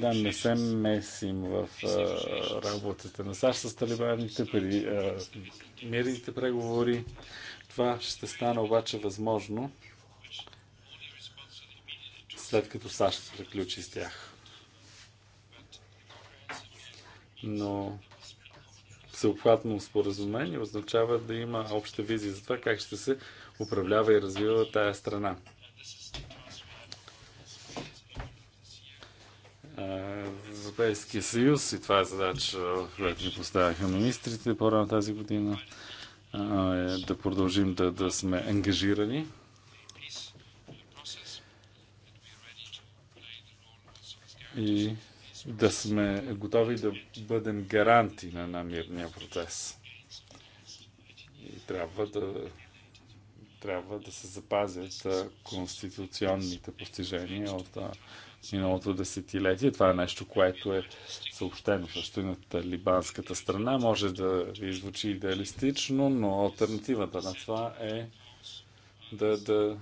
S2: Да, не се месим в а, работата на САЩ с талибаните при а, мирните преговори. Това ще стане обаче възможно след като САЩ приключи с тях. Но всеобхватно споразумение означава да има обща визия за това как ще се управлява и развива тая страна. Европейския съюз и това е задача, която ни поставяха министрите по-рано тази година, е да продължим да, да сме ангажирани. И да сме готови да бъдем гаранти на, намирния мирния процес. И трябва да, трябва да се запазят конституционните постижения от миналото десетилетие. Това е нещо, което е съобщено също и на талибанската страна. Може да ви звучи идеалистично, но альтернативата на това е да, да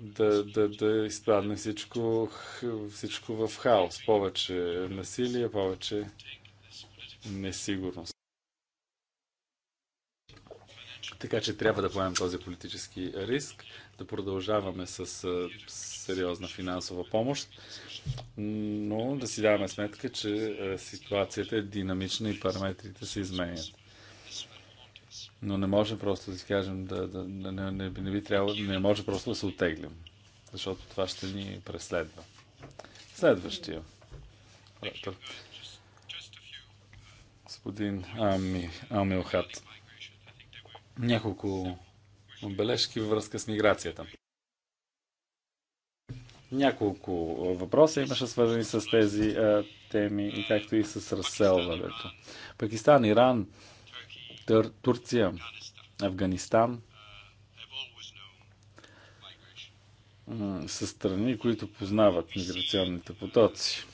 S2: да, да, да изпадне всичко, всичко в хаос. Повече насилие, повече несигурност. Така че трябва да поемем този политически риск, да продължаваме с сериозна финансова помощ, но да си даваме сметка, че ситуацията е динамична и параметрите се изменят. Но не може просто да си кажем, да, да, да, не, не, не би трябвало, не може просто да се отеглим, защото това ще ни преследва. Следващия. Господин Ами, Амилхат. Няколко бележки във връзка с миграцията. Няколко въпроса имаше свързани с тези а, теми, както и с разселването. Пакистан, Иран, Тър, Турция, Афганистан са страни, които познават миграционните потоци.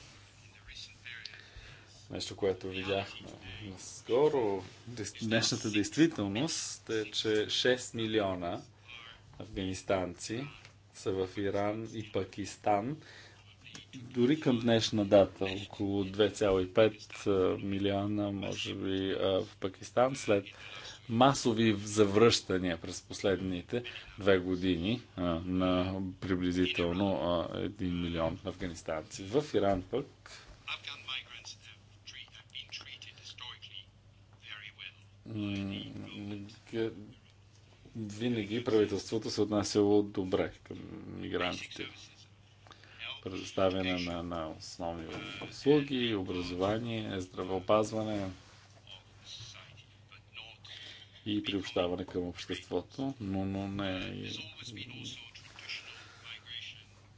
S2: Нещо, което видяхме наскоро. Днешната действителност е, че 6 милиона афганистанци са в Иран и Пакистан дори към днешна дата около 2,5 милиона, може би, в Пакистан след масови завръщания през последните две години на приблизително 1 милион афганистанци. В Иран пък винаги правителството се отнасяло добре към мигрантите предоставяне на, на основни услуги, образование, здравеопазване и приобщаване към обществото, но, но не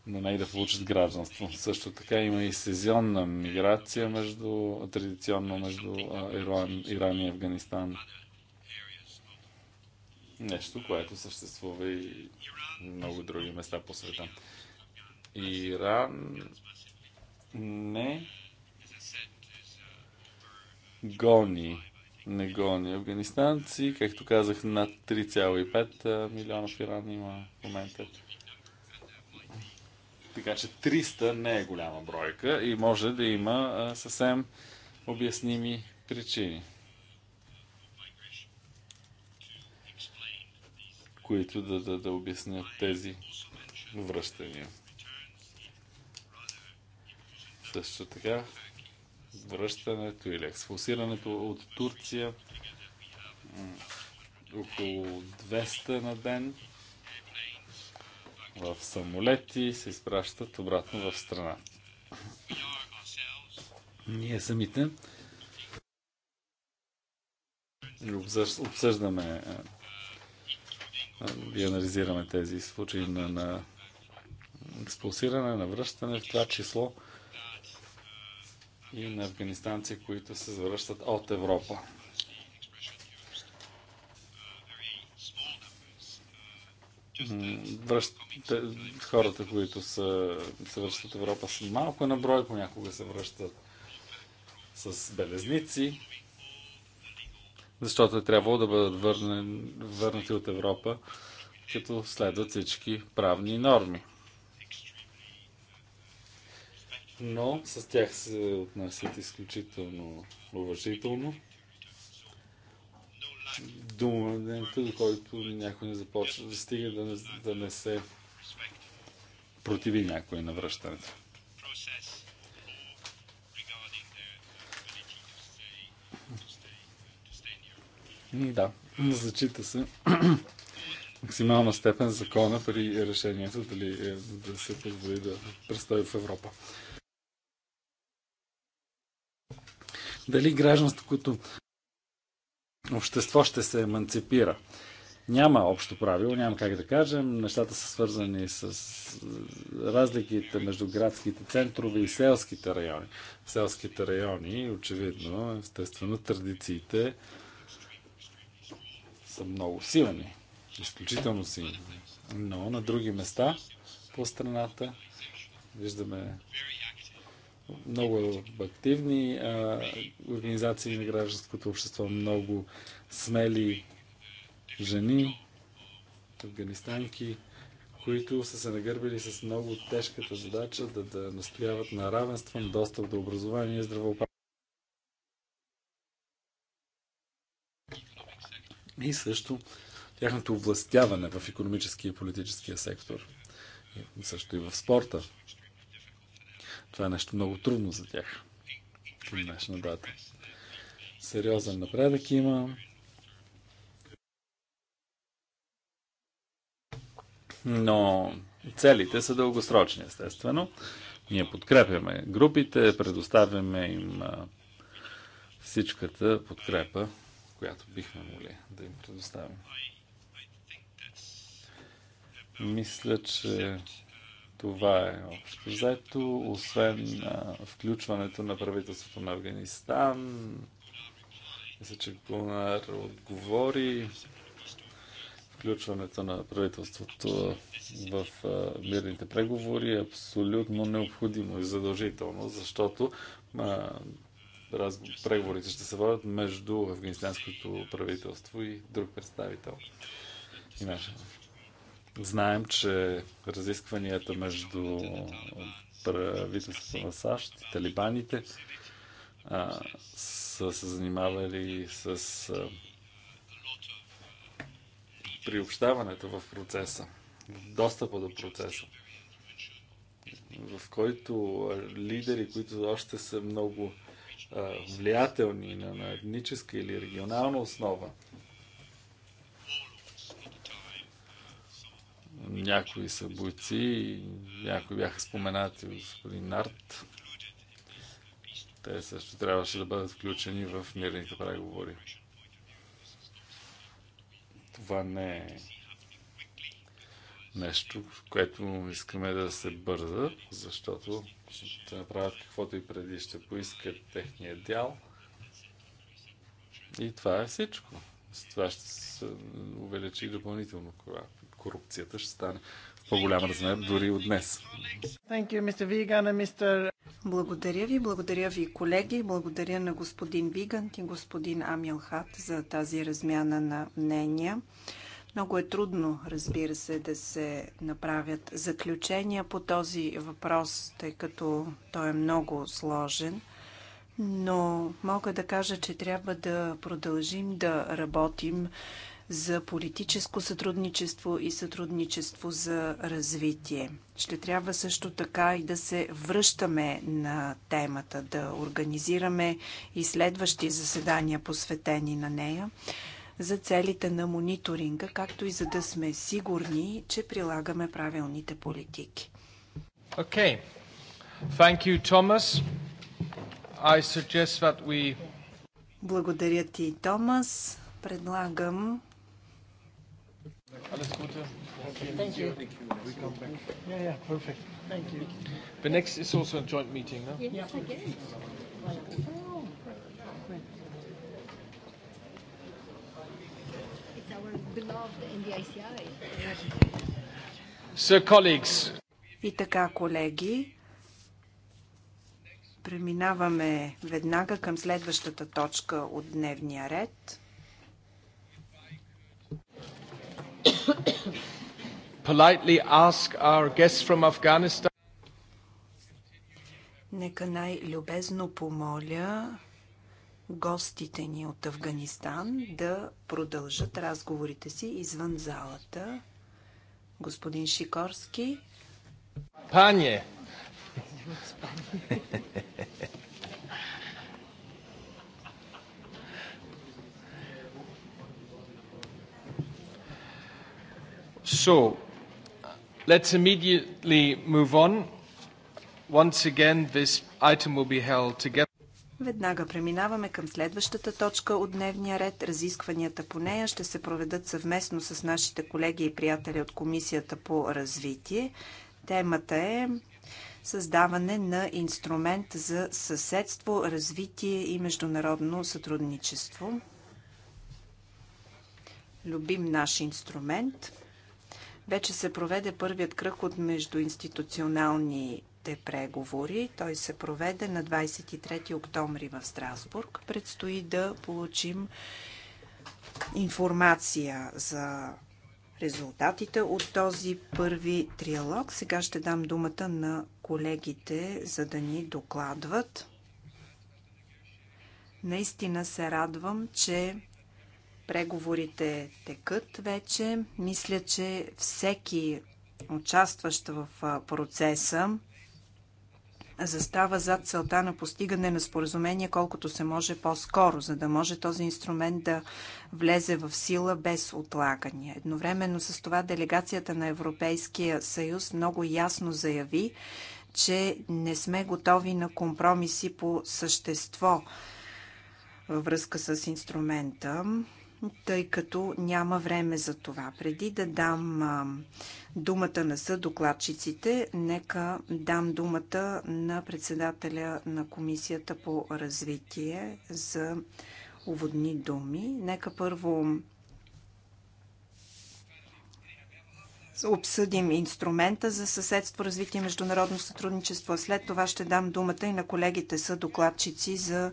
S2: но не и да получат гражданство. Също така има и сезионна миграция между, традиционно между Иран, Иран и Афганистан. Нещо, което съществува и много други места по света. Иран не гони не гони афганистанци. Както казах, над 3,5 милиона в Иран има в момента. Така че 300 не е голяма бройка и може да има съвсем обясними причини, които да, да, да обяснят тези връщания. Също така връщането или експулсирането от Турция около 200 на ден в самолети се изпращат обратно в страна. Ние самите обсъждаме и анализираме тези случаи на, на експулсиране, на връщане, в това число и на афганистанци, които се завръщат от Европа. Връщ... Хората, които са, се връщат от Европа са малко на брой, понякога се връщат с белезници, защото е трябвало да бъдат върнати от Европа, като следват всички правни норми но с тях се отнасят изключително уважително. До момента, до който някой не започва да стига да не, да не се противи някой на връщането. Да, зачита се [CLEARS THROAT] максимална степен закона при решението дали е да се позволи да престои в Европа. дали гражданското общество ще се еманципира. Няма общо правило, няма как да кажем. Нещата са свързани с разликите между градските центрове и селските райони. В селските райони, очевидно, естествено, традициите са много силни. Изключително силни. Но на други места по страната виждаме много активни а, организации на гражданското общество, много смели жени, афганистанки, които са се нагърбили с много тежката задача да, да настояват на равенство, на достъп до образование и здравеопазване. И също тяхното властяване в економическия и политическия сектор. И също и в спорта. Това е нещо много трудно за тях към днешна дата. Сериозен напредък има. Но целите са дългосрочни, естествено. Ние подкрепяме групите, предоставяме им всичката подкрепа, която бихме могли да им предоставим. Мисля, че това е общо взето, освен а, включването на правителството на Афганистан. Мисля, че Гунар отговори включването на правителството в а, мирните преговори е абсолютно необходимо и задължително, защото а, раз, преговорите ще се водят между афганистанското правителство и друг представител. И Знаем, че разискванията между правителството на САЩ и талибаните а, са се занимавали с а, приобщаването в процеса, достъпа до процеса, в който лидери, които още са много а, влиятелни на, на етническа или регионална основа, някои са бойци, някои бяха споменати от господин Нарт. Те също трябваше да бъдат включени в мирните преговори. Това не е нещо, което искаме да се бърза, защото ще направят каквото и преди, ще поискат техния дял. И това е всичко. С това ще се увеличи допълнително колата корупцията ще стане по-голям размер дори от днес.
S3: Благодаря ви, благодаря ви колеги, благодаря на господин Вигант и господин Амилхат за тази размяна на мнения. Много е трудно, разбира се, да се направят заключения по този въпрос, тъй като той е много сложен. Но мога да кажа, че трябва да продължим да работим за политическо сътрудничество и сътрудничество за развитие. Ще трябва също така и да се връщаме на темата, да организираме и следващи заседания, посветени на нея, за целите на мониторинга, както и за да сме сигурни, че прилагаме правилните политики. Okay. Thank you, Thomas. I suggest that we... Благодаря ти, Томас. Предлагам
S1: Alles Gute. Thank you. Thank you. We come back.
S3: Yeah, yeah, perfect.
S2: Thank you.
S1: The next is also a joint meeting, no? Yeah, I guess.
S2: So, colleagues.
S3: И така, колеги, преминаваме веднага към следващата точка от дневния ред. politely ask our guests from Afghanistan. Нека най-любезно помоля гостите ни от Афганистан да продължат разговорите си извън залата. Господин Шикорски.
S1: Пане!
S2: So, let's immediately move on. Once again, this item will be held together.
S3: Веднага преминаваме към следващата точка от дневния ред. Разискванията по нея ще се проведат съвместно с нашите колеги и приятели от Комисията по развитие. Темата е създаване на инструмент за съседство, развитие и международно сътрудничество. Любим наш инструмент – вече се проведе първият кръг от междуинституционалните преговори. Той се проведе на 23 октомври в Страсбург. Предстои да получим информация за резултатите от този първи триалог. Сега ще дам думата на колегите, за да ни докладват. Наистина се радвам, че Преговорите текат вече. Мисля, че всеки участващ в процеса застава зад целта на постигане на споразумение колкото се може по-скоро, за да може този инструмент да влезе в сила без отлагания. Едновременно с това делегацията на Европейския съюз много ясно заяви, че не сме готови на компромиси по същество във връзка с инструмента тъй като няма време за това. Преди да дам а, думата на съдокладчиците, нека дам думата на председателя на Комисията по развитие за уводни думи. Нека първо обсъдим инструмента за съседство, развитие и международно сътрудничество. След това ще дам думата и на колегите са докладчици за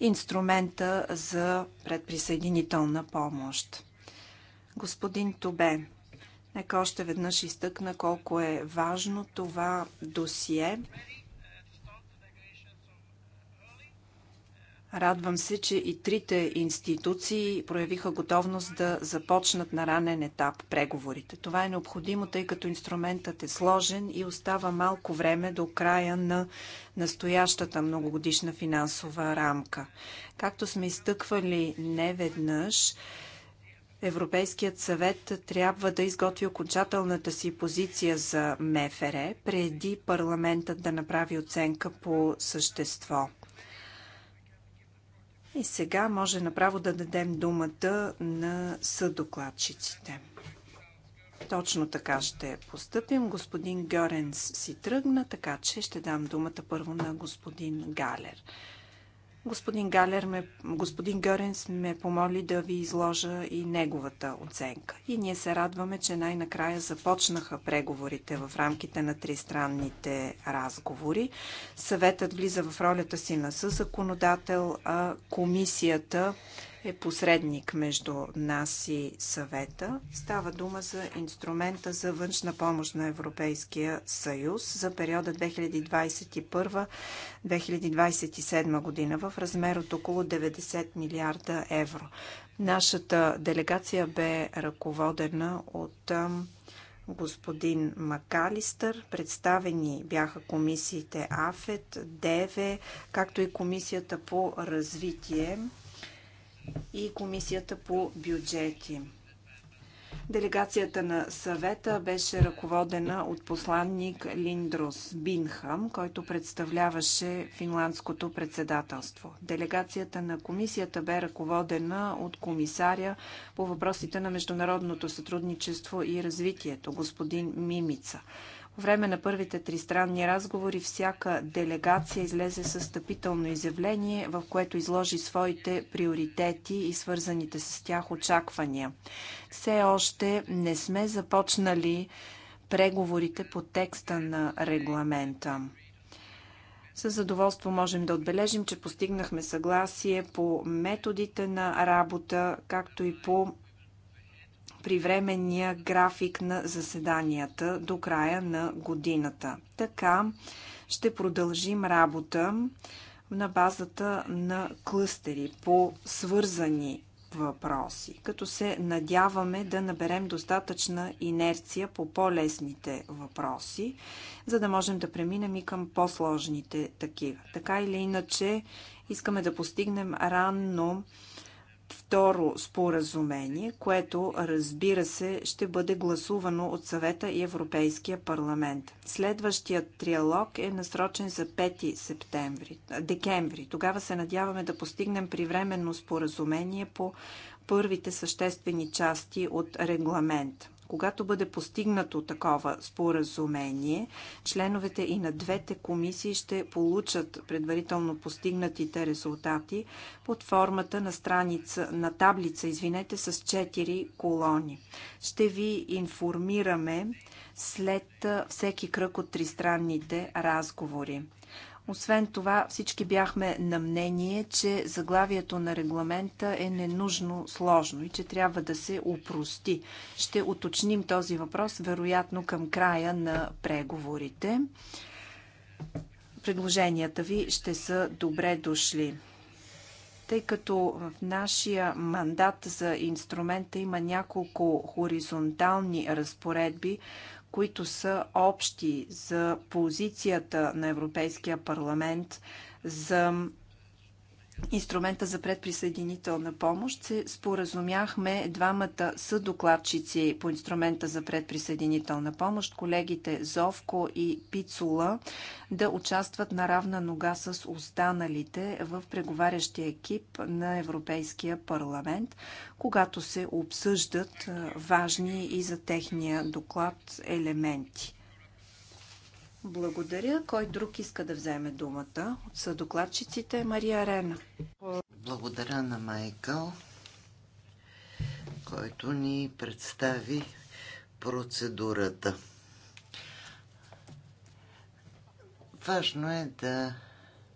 S3: инструмента за предприсъединителна помощ. Господин Тобе, нека още веднъж изтъкна колко е важно това досие. Радвам се, че и трите институции проявиха готовност да започнат на ранен етап преговорите. Това е необходимо, тъй като инструментът е сложен и остава малко време до края на настоящата многогодишна финансова рамка. Както сме изтъквали неведнъж, Европейският съвет трябва да изготви окончателната си позиция за МФР преди парламентът да направи оценка по същество. И сега може направо да дадем думата на съдокладчиците. Точно така ще поступим. Господин Гьоренс си тръгна, така че ще дам думата първо на господин Галер. Господин, Галер ме, господин Гъренс ме помоли да ви изложа и неговата оценка. И ние се радваме, че най-накрая започнаха преговорите в рамките на тристранните разговори. Съветът влиза в ролята си на съзаконодател, а комисията е посредник между нас и съвета. Става дума за инструмента за външна помощ на Европейския съюз за периода 2021-2027 година в размер от около 90 милиарда евро. Нашата делегация бе ръководена от господин Макалистър. Представени бяха комисиите АФЕТ, ДЕВЕ, както и комисията по развитие и Комисията по бюджети. Делегацията на съвета беше ръководена от посланник Линдрос Бинхам, който представляваше финландското председателство. Делегацията на комисията бе ръководена от комисаря по въпросите на международното сътрудничество и развитието, господин Мимица време на първите тристранни разговори всяка делегация излезе със стъпително изявление, в което изложи своите приоритети и свързаните с тях очаквания. Все още не сме започнали преговорите по текста на регламента. С задоволство можем да отбележим, че постигнахме съгласие по методите на работа, както и по при временния график на заседанията до края на годината. Така ще продължим работа на базата на клъстери по свързани въпроси, като се надяваме да наберем достатъчна инерция по по-лесните въпроси, за да можем да преминем и към по-сложните такива. Така или иначе, искаме да постигнем ранно второ споразумение, което разбира се ще бъде гласувано от съвета и Европейския парламент. Следващият триалог е насрочен за 5 септември, декември. Тогава се надяваме да постигнем привременно споразумение по първите съществени части от регламент. Когато бъде постигнато такова споразумение, членовете и на двете комисии ще получат предварително постигнатите резултати под формата на страница, на таблица, извинете, с 4 колони. Ще ви информираме след всеки кръг от тристранните разговори. Освен това, всички бяхме на мнение, че заглавието на регламента е ненужно сложно и че трябва да се упрости. Ще уточним този въпрос, вероятно, към края на преговорите. Предложенията ви ще са добре дошли тъй като в нашия мандат за инструмента има няколко хоризонтални разпоредби, които са общи за позицията на Европейския парламент за инструмента за предприсъединителна помощ се споразумяхме двамата съдокладчици по инструмента за предприсъединителна помощ, колегите Зовко и Пицула, да участват на равна нога с останалите в преговарящия екип на Европейския парламент, когато се обсъждат важни и за техния доклад елементи. Благодаря. Кой друг иска да вземе думата? От съдокладчиците Мария Арена.
S1: Благодаря на Майкъл, който ни представи процедурата. Важно е да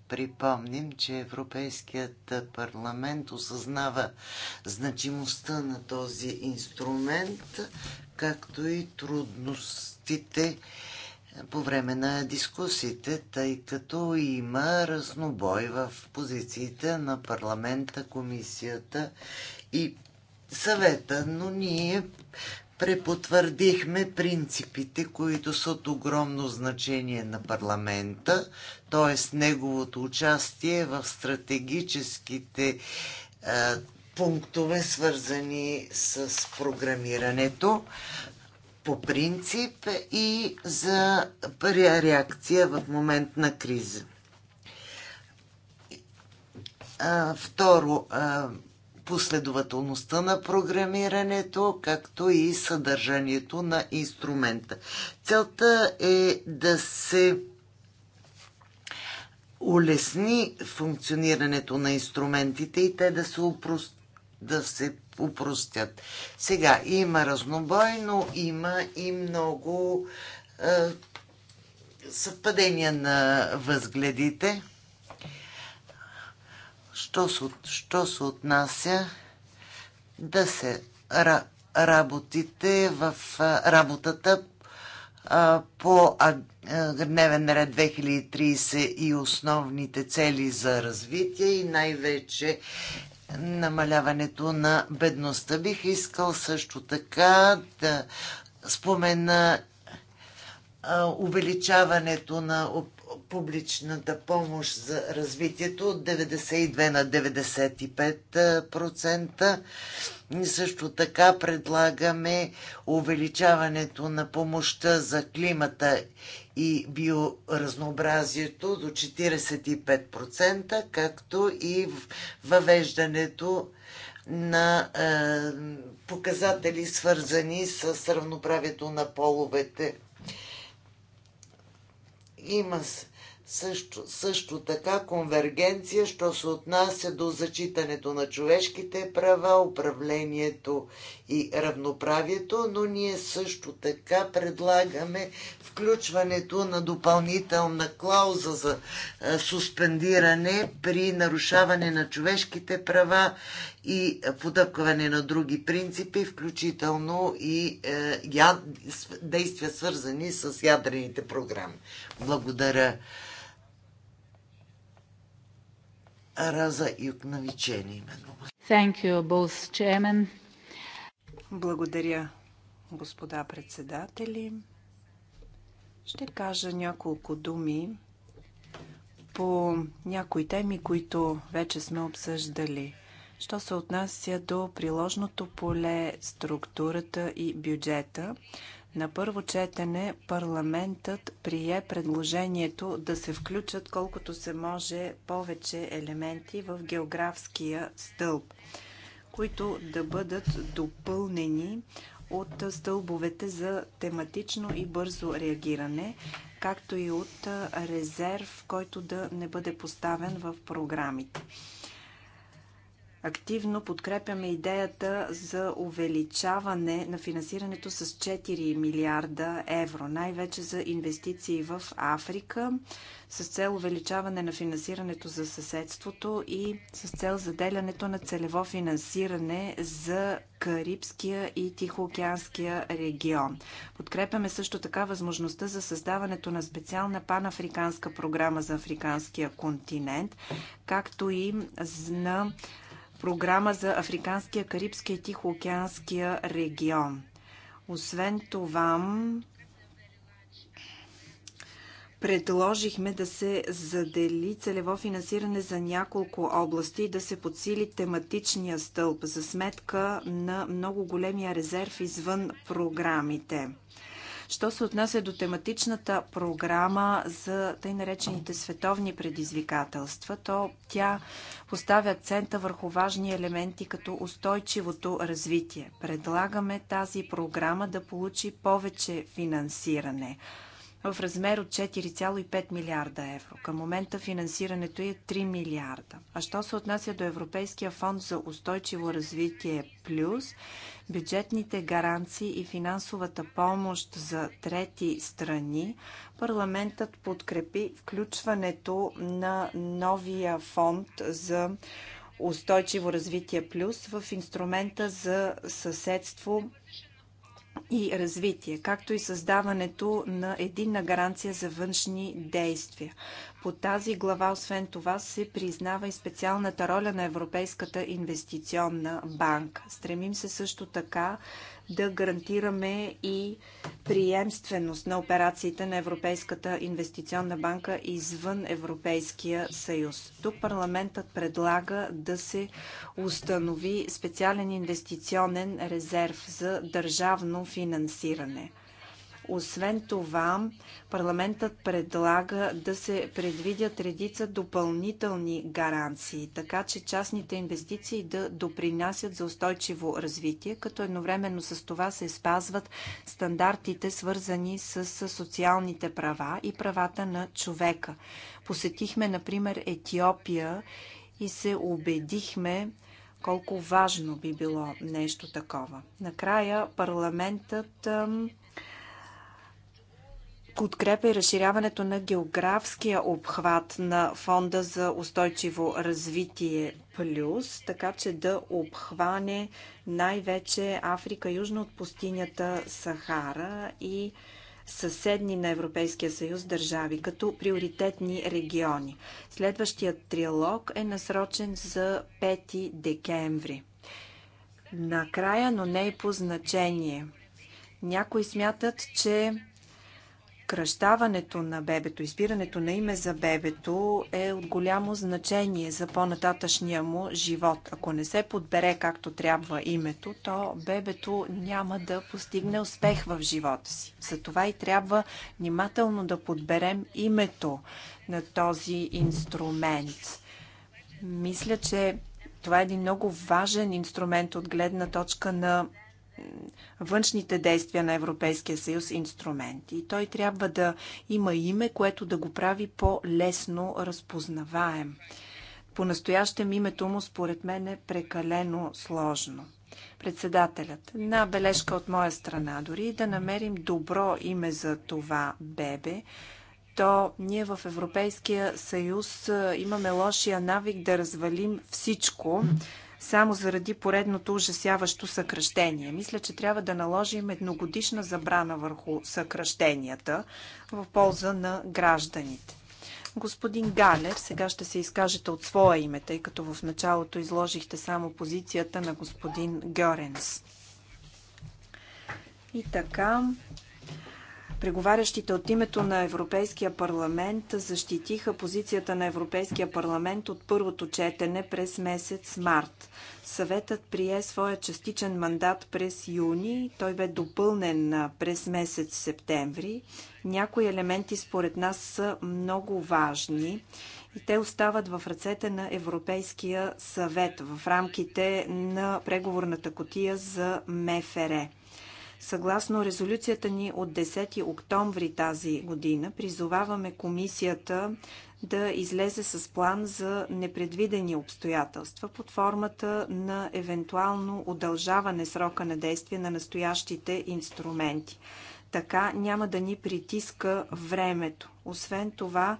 S1: припомним, че Европейският парламент осъзнава значимостта на този инструмент, както и трудностите, по време на дискусиите, тъй като има разнобой в позициите на парламента, комисията и съвета, но ние препотвърдихме принципите, които са от огромно значение на парламента, т.е. неговото участие в стратегическите е, пунктове, свързани с програмирането по принцип и за реакция в момент на криза. Второ, последователността на програмирането, както и съдържанието на инструмента. Целта е да се улесни функционирането на инструментите и те да се, упрост... да се упростят. Сега има разнобой, но има и много е, съвпадения на възгледите. Що се, що се отнася да се работите в е, работата по е, дневен ред 2030 и основните цели за развитие и най-вече намаляването на бедността. Бих искал също така да спомена увеличаването на публичната помощ за развитието от 92 на 95%. процента. също така предлагаме увеличаването на помощта за климата и биоразнообразието до 45%, както и въвеждането на е, показатели, свързани с равноправието на половете. Има също, също така конвергенция, що се отнася до зачитането на човешките права, управлението и равноправието, но ние също така предлагаме включването на допълнителна клауза за е, суспендиране при нарушаване на човешките права и подъпкване на други принципи, включително и е, действия свързани с ядрените програми. Благодаря. Раза Юкнавичени именно.
S3: Thank you both chairman. Благодаря, господа председатели. Ще кажа няколко думи по някои теми, които вече сме обсъждали. Що се отнася до приложното поле, структурата и бюджета, на първо четене парламентът прие предложението да се включат колкото се може повече елементи в географския стълб – които да бъдат допълнени от стълбовете за тематично и бързо реагиране, както и от резерв, който да не бъде поставен в програмите. Активно подкрепяме идеята за увеличаване на финансирането с 4 милиарда евро, най-вече за инвестиции в Африка, с цел увеличаване на финансирането за съседството и с цел заделянето на целево финансиране за Карибския и Тихоокеанския регион. Подкрепяме също така възможността за създаването на специална панафриканска програма за африканския континент, както и на програма за Африканския, Карибския и Тихоокеанския регион. Освен това, предложихме да се задели целево финансиране за няколко области и да се подсили тематичния стълб за сметка на много големия резерв извън програмите. Що се отнася до тематичната програма за тъй наречените световни предизвикателства, то тя поставя акцента върху важни елементи като устойчивото развитие. Предлагаме тази програма да получи повече финансиране в размер от 4,5 милиарда евро. Към момента финансирането е 3 милиарда. А що се отнася до Европейския фонд за устойчиво развитие плюс, бюджетните гаранции и финансовата помощ за трети страни, парламентът подкрепи включването на новия фонд за устойчиво развитие плюс в инструмента за съседство и развитие, както и създаването на единна гаранция за външни действия. По тази глава, освен това, се признава и специалната роля на Европейската инвестиционна банка. Стремим се също така да гарантираме и приемственост на операциите на Европейската инвестиционна банка извън Европейския съюз. Тук парламентът предлага да се установи специален инвестиционен резерв за държавно финансиране. Освен това, парламентът предлага да се предвидят редица допълнителни гаранции, така че частните инвестиции да допринасят за устойчиво развитие, като едновременно с това се спазват стандартите, свързани с социалните права и правата на човека. Посетихме, например, Етиопия и се убедихме, колко важно би било нещо такова. Накрая парламентът подкрепя и разширяването на географския обхват на Фонда за устойчиво развитие Плюс, така че да обхване най-вече Африка южно от пустинята Сахара и съседни на Европейския съюз държави като приоритетни региони. Следващият триалог е насрочен за 5 декември. Накрая, но не е по значение. Някои смятат, че Кръщаването на бебето, избирането на име за бебето е от голямо значение за по-нататъчния му живот. Ако не се подбере както трябва името, то бебето няма да постигне успех в живота си. Затова и трябва внимателно да подберем името на този инструмент. Мисля, че това е един много важен инструмент от гледна точка на външните действия на Европейския съюз инструмент. И той трябва да има име, което да го прави по-лесно разпознаваем. По-настоящем името му, според мен, е прекалено сложно. Председателят, на бележка от моя страна, дори да намерим добро име за това бебе, то ние в Европейския съюз имаме лошия навик да развалим всичко, само заради поредното ужасяващо съкръщение. Мисля, че трябва да наложим едногодишна забрана върху съкръщенията в полза на гражданите. Господин Галер, сега ще се изкажете от своя име, тъй като в началото изложихте само позицията на господин Гьоренс. И така, Преговарящите от името на Европейския парламент защитиха позицията на Европейския парламент от първото четене през месец март. Съветът прие своя частичен мандат през юни. Той бе допълнен през месец септември. Някои елементи според нас са много важни и те остават в ръцете на Европейския съвет в рамките на преговорната котия за МФР. Съгласно резолюцията ни от 10 октомври тази година, призоваваме комисията да излезе с план за непредвидени обстоятелства под формата на евентуално удължаване срока на действие на настоящите инструменти. Така няма да ни притиска времето. Освен това,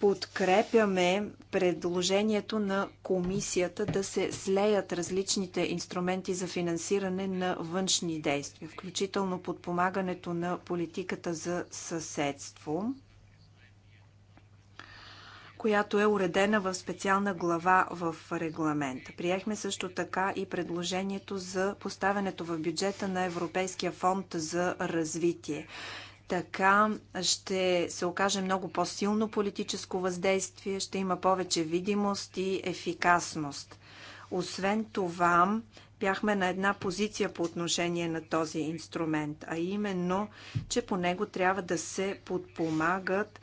S3: подкрепяме предложението на комисията да се слеят различните инструменти за финансиране на външни действия, включително подпомагането на политиката за съседство, която е уредена в специална глава в регламента. Приехме също така и предложението за поставянето в бюджета на Европейския фонд за развитие така ще се окаже много по-силно политическо въздействие, ще има повече видимост и ефикасност. Освен това, бяхме на една позиция по отношение на този инструмент, а именно, че по него трябва да се подпомагат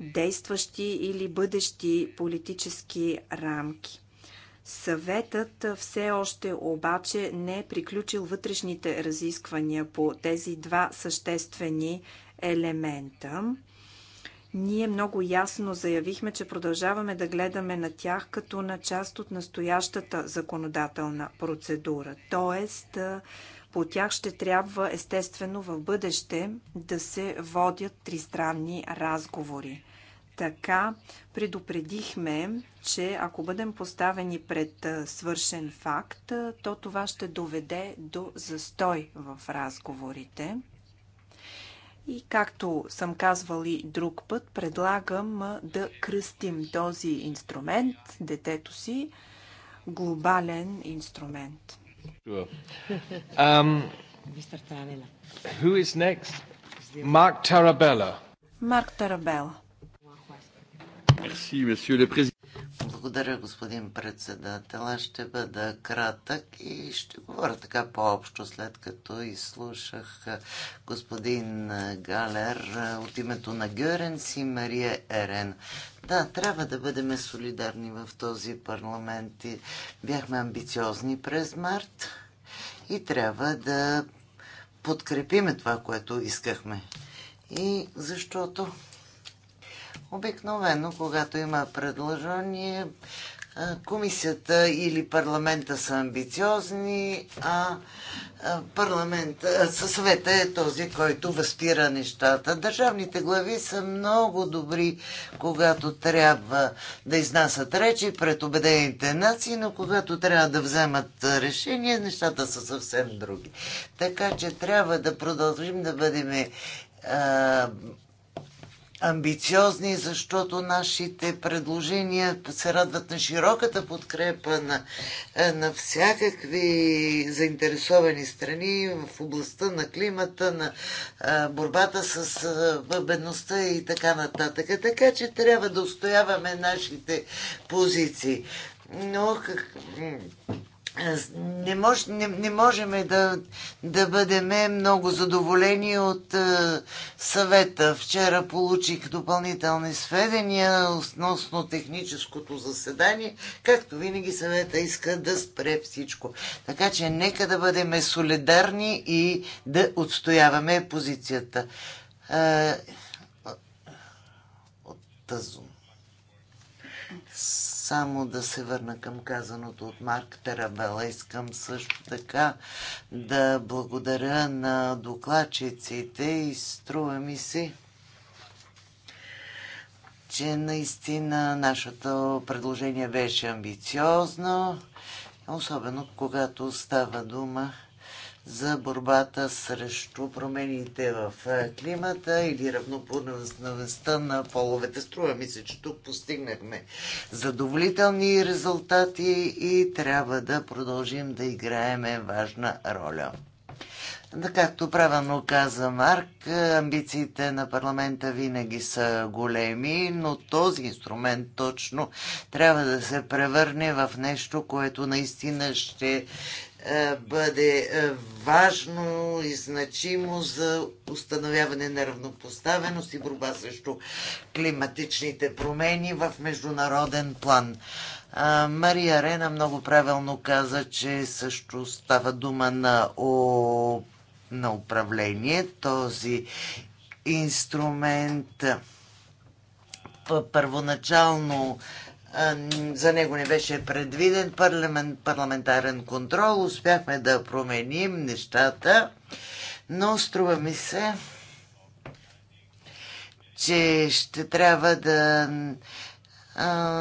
S3: действащи или бъдещи политически рамки. Съветът все още обаче не е приключил вътрешните разисквания по тези два съществени елемента. Ние много ясно заявихме, че продължаваме да гледаме на тях като на част от настоящата законодателна процедура. Тоест, по тях ще трябва естествено в бъдеще да се водят тристранни разговори. Така предупредихме, че ако бъдем поставени пред свършен факт, то това ще доведе до застой в разговорите. И както съм казвал и друг път, предлагам да кръстим този инструмент, детето си, глобален инструмент.
S1: Um, who is next? Марк Тарабела.
S3: Марк Тарабела.
S1: Благодаря, господин председател. Аз ще бъда кратък и ще говоря така по-общо, след като изслушах господин Галер от името на Гюренс и Мария Ерен. Да, трябва да бъдем солидарни в този парламент. И бяхме амбициозни през март и трябва да подкрепиме това, което искахме. И защото Обикновено, когато има предложение, е, комисията или парламента са амбициозни, а парламент, съвета е този, който възпира нещата. Държавните глави са много добри, когато трябва да изнасят речи пред обедените нации, но когато трябва да вземат решение, нещата са съвсем други. Така че трябва да продължим да бъдем амбициозни, защото нашите предложения се радват на широката подкрепа на, е, на всякакви заинтересовани страни в областта на климата, на е, борбата с е, бедността и така нататък. Така че трябва да устояваме нашите позиции. Но как, не, мож, не, не можем да, да бъдем много задоволени от е, съвета. Вчера получих допълнителни сведения относно техническото заседание. Както винаги съвета иска да спре всичко. Така че нека да бъдем солидарни и да отстояваме позицията. Е, от тази само да се върна към казаното от Марк Тарабела. Искам също така да благодаря на докладчиците и струва ми се, че наистина нашето предложение беше амбициозно, особено когато става дума за борбата срещу промените в е, климата или равнопоставеността на половете. Струва ми се, че тук постигнахме задоволителни резултати и трябва да продължим да играем важна роля. Да, както правилно каза Марк, е, амбициите на парламента винаги са големи, но този инструмент точно трябва да се превърне в нещо, което наистина ще е, бъде е, важно и значимо за установяване на равнопоставеност и борба срещу климатичните промени в международен план. Е, Мария Рена много правилно каза, че също става дума на, о, на управление. Този инструмент първоначално за него не беше предвиден парламент, парламентарен контрол. Успяхме да променим нещата, но струва ми се, че ще трябва да,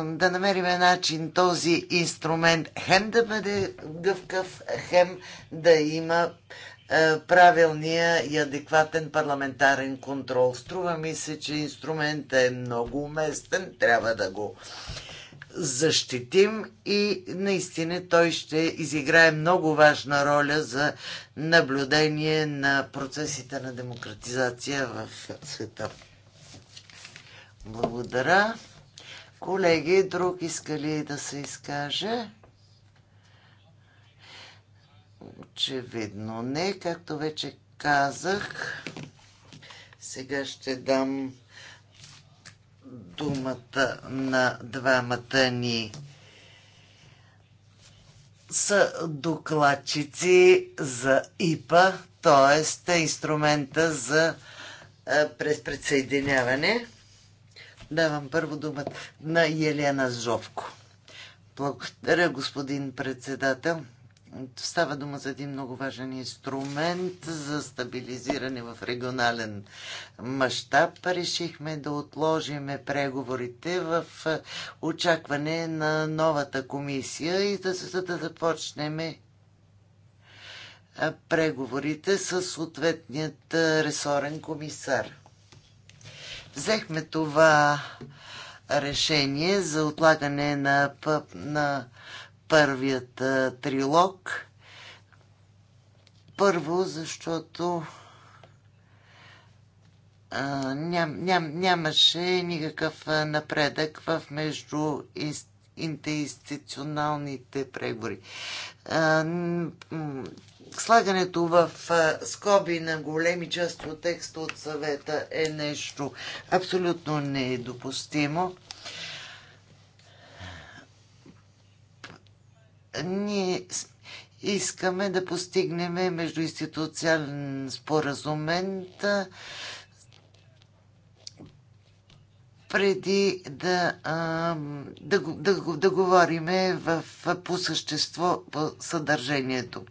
S1: да намерим начин този инструмент хем да бъде гъвкав, хем да има правилния и адекватен парламентарен контрол. Струва ми се, че инструментът е много уместен, трябва да го защитим и наистина той ще изиграе много важна роля за наблюдение на процесите на демократизация в света. Благодаря. Колеги, друг иска ли да се изкаже? Очевидно не, както вече казах. Сега ще дам думата на двамата ни са докладчици за ИПА, т.е. инструмента за е, присъединяване. Давам първо думата на Елена Жовко. Благодаря, господин председател. Става дума за един много важен инструмент за стабилизиране в регионален мащаб. Решихме да отложиме преговорите в очакване на новата комисия и да, за да започнем преговорите с съответният ресорен комисар. Взехме това решение за отлагане на, на първият трилог. Първо, защото ням, ням, нямаше никакъв напредък в между интеинституционалните преговори. Слагането в скоби на големи части от текста от съвета е нещо абсолютно недопустимо. ние искаме да постигнем междуинституциален споразумент преди да, да, да, да говориме в, по същество по съдържанието.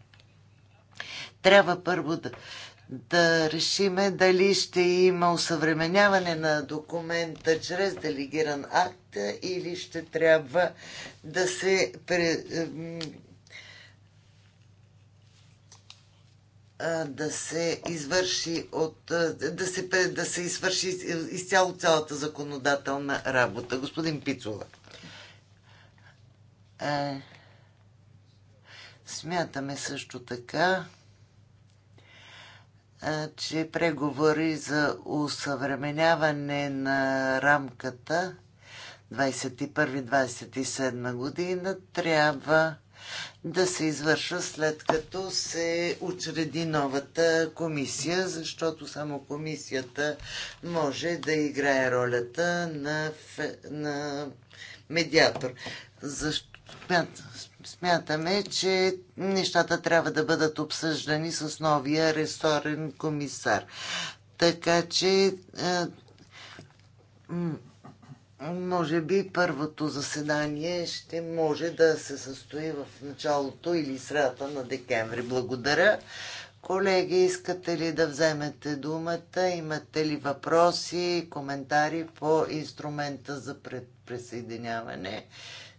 S1: Трябва първо да, да решиме дали ще има усъвременяване на документа чрез делегиран акт или ще трябва да се да се извърши от, да се, да се извърши изцяло цялата законодателна работа. Господин Пицова. Е, смятаме също така, че преговори за усъвременяване на рамката 21-27 година трябва да се извършва след като се учреди новата комисия, защото само комисията може да играе ролята на, на медиатор. Защо, смятаме, че нещата трябва да бъдат обсъждани с новия ресорен комисар. Така че, е, може би първото заседание ще може да се състои в началото или средата на декември. Благодаря. Колеги, искате ли да вземете думата? Имате ли въпроси, коментари по инструмента за пред присъединяване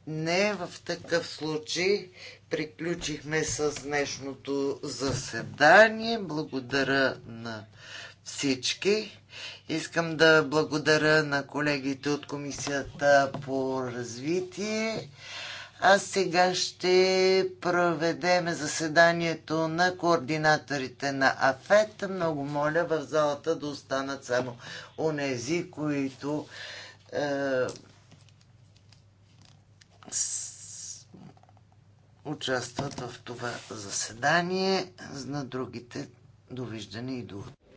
S1: не, в такъв случай приключихме с днешното заседание. Благодаря на всички. Искам да благодаря на колегите от Комисията по развитие. А сега ще проведеме заседанието на координаторите на АФЕТ. Много моля в залата да останат само онези, които е, участват в това заседание. На другите довиждане и до утре.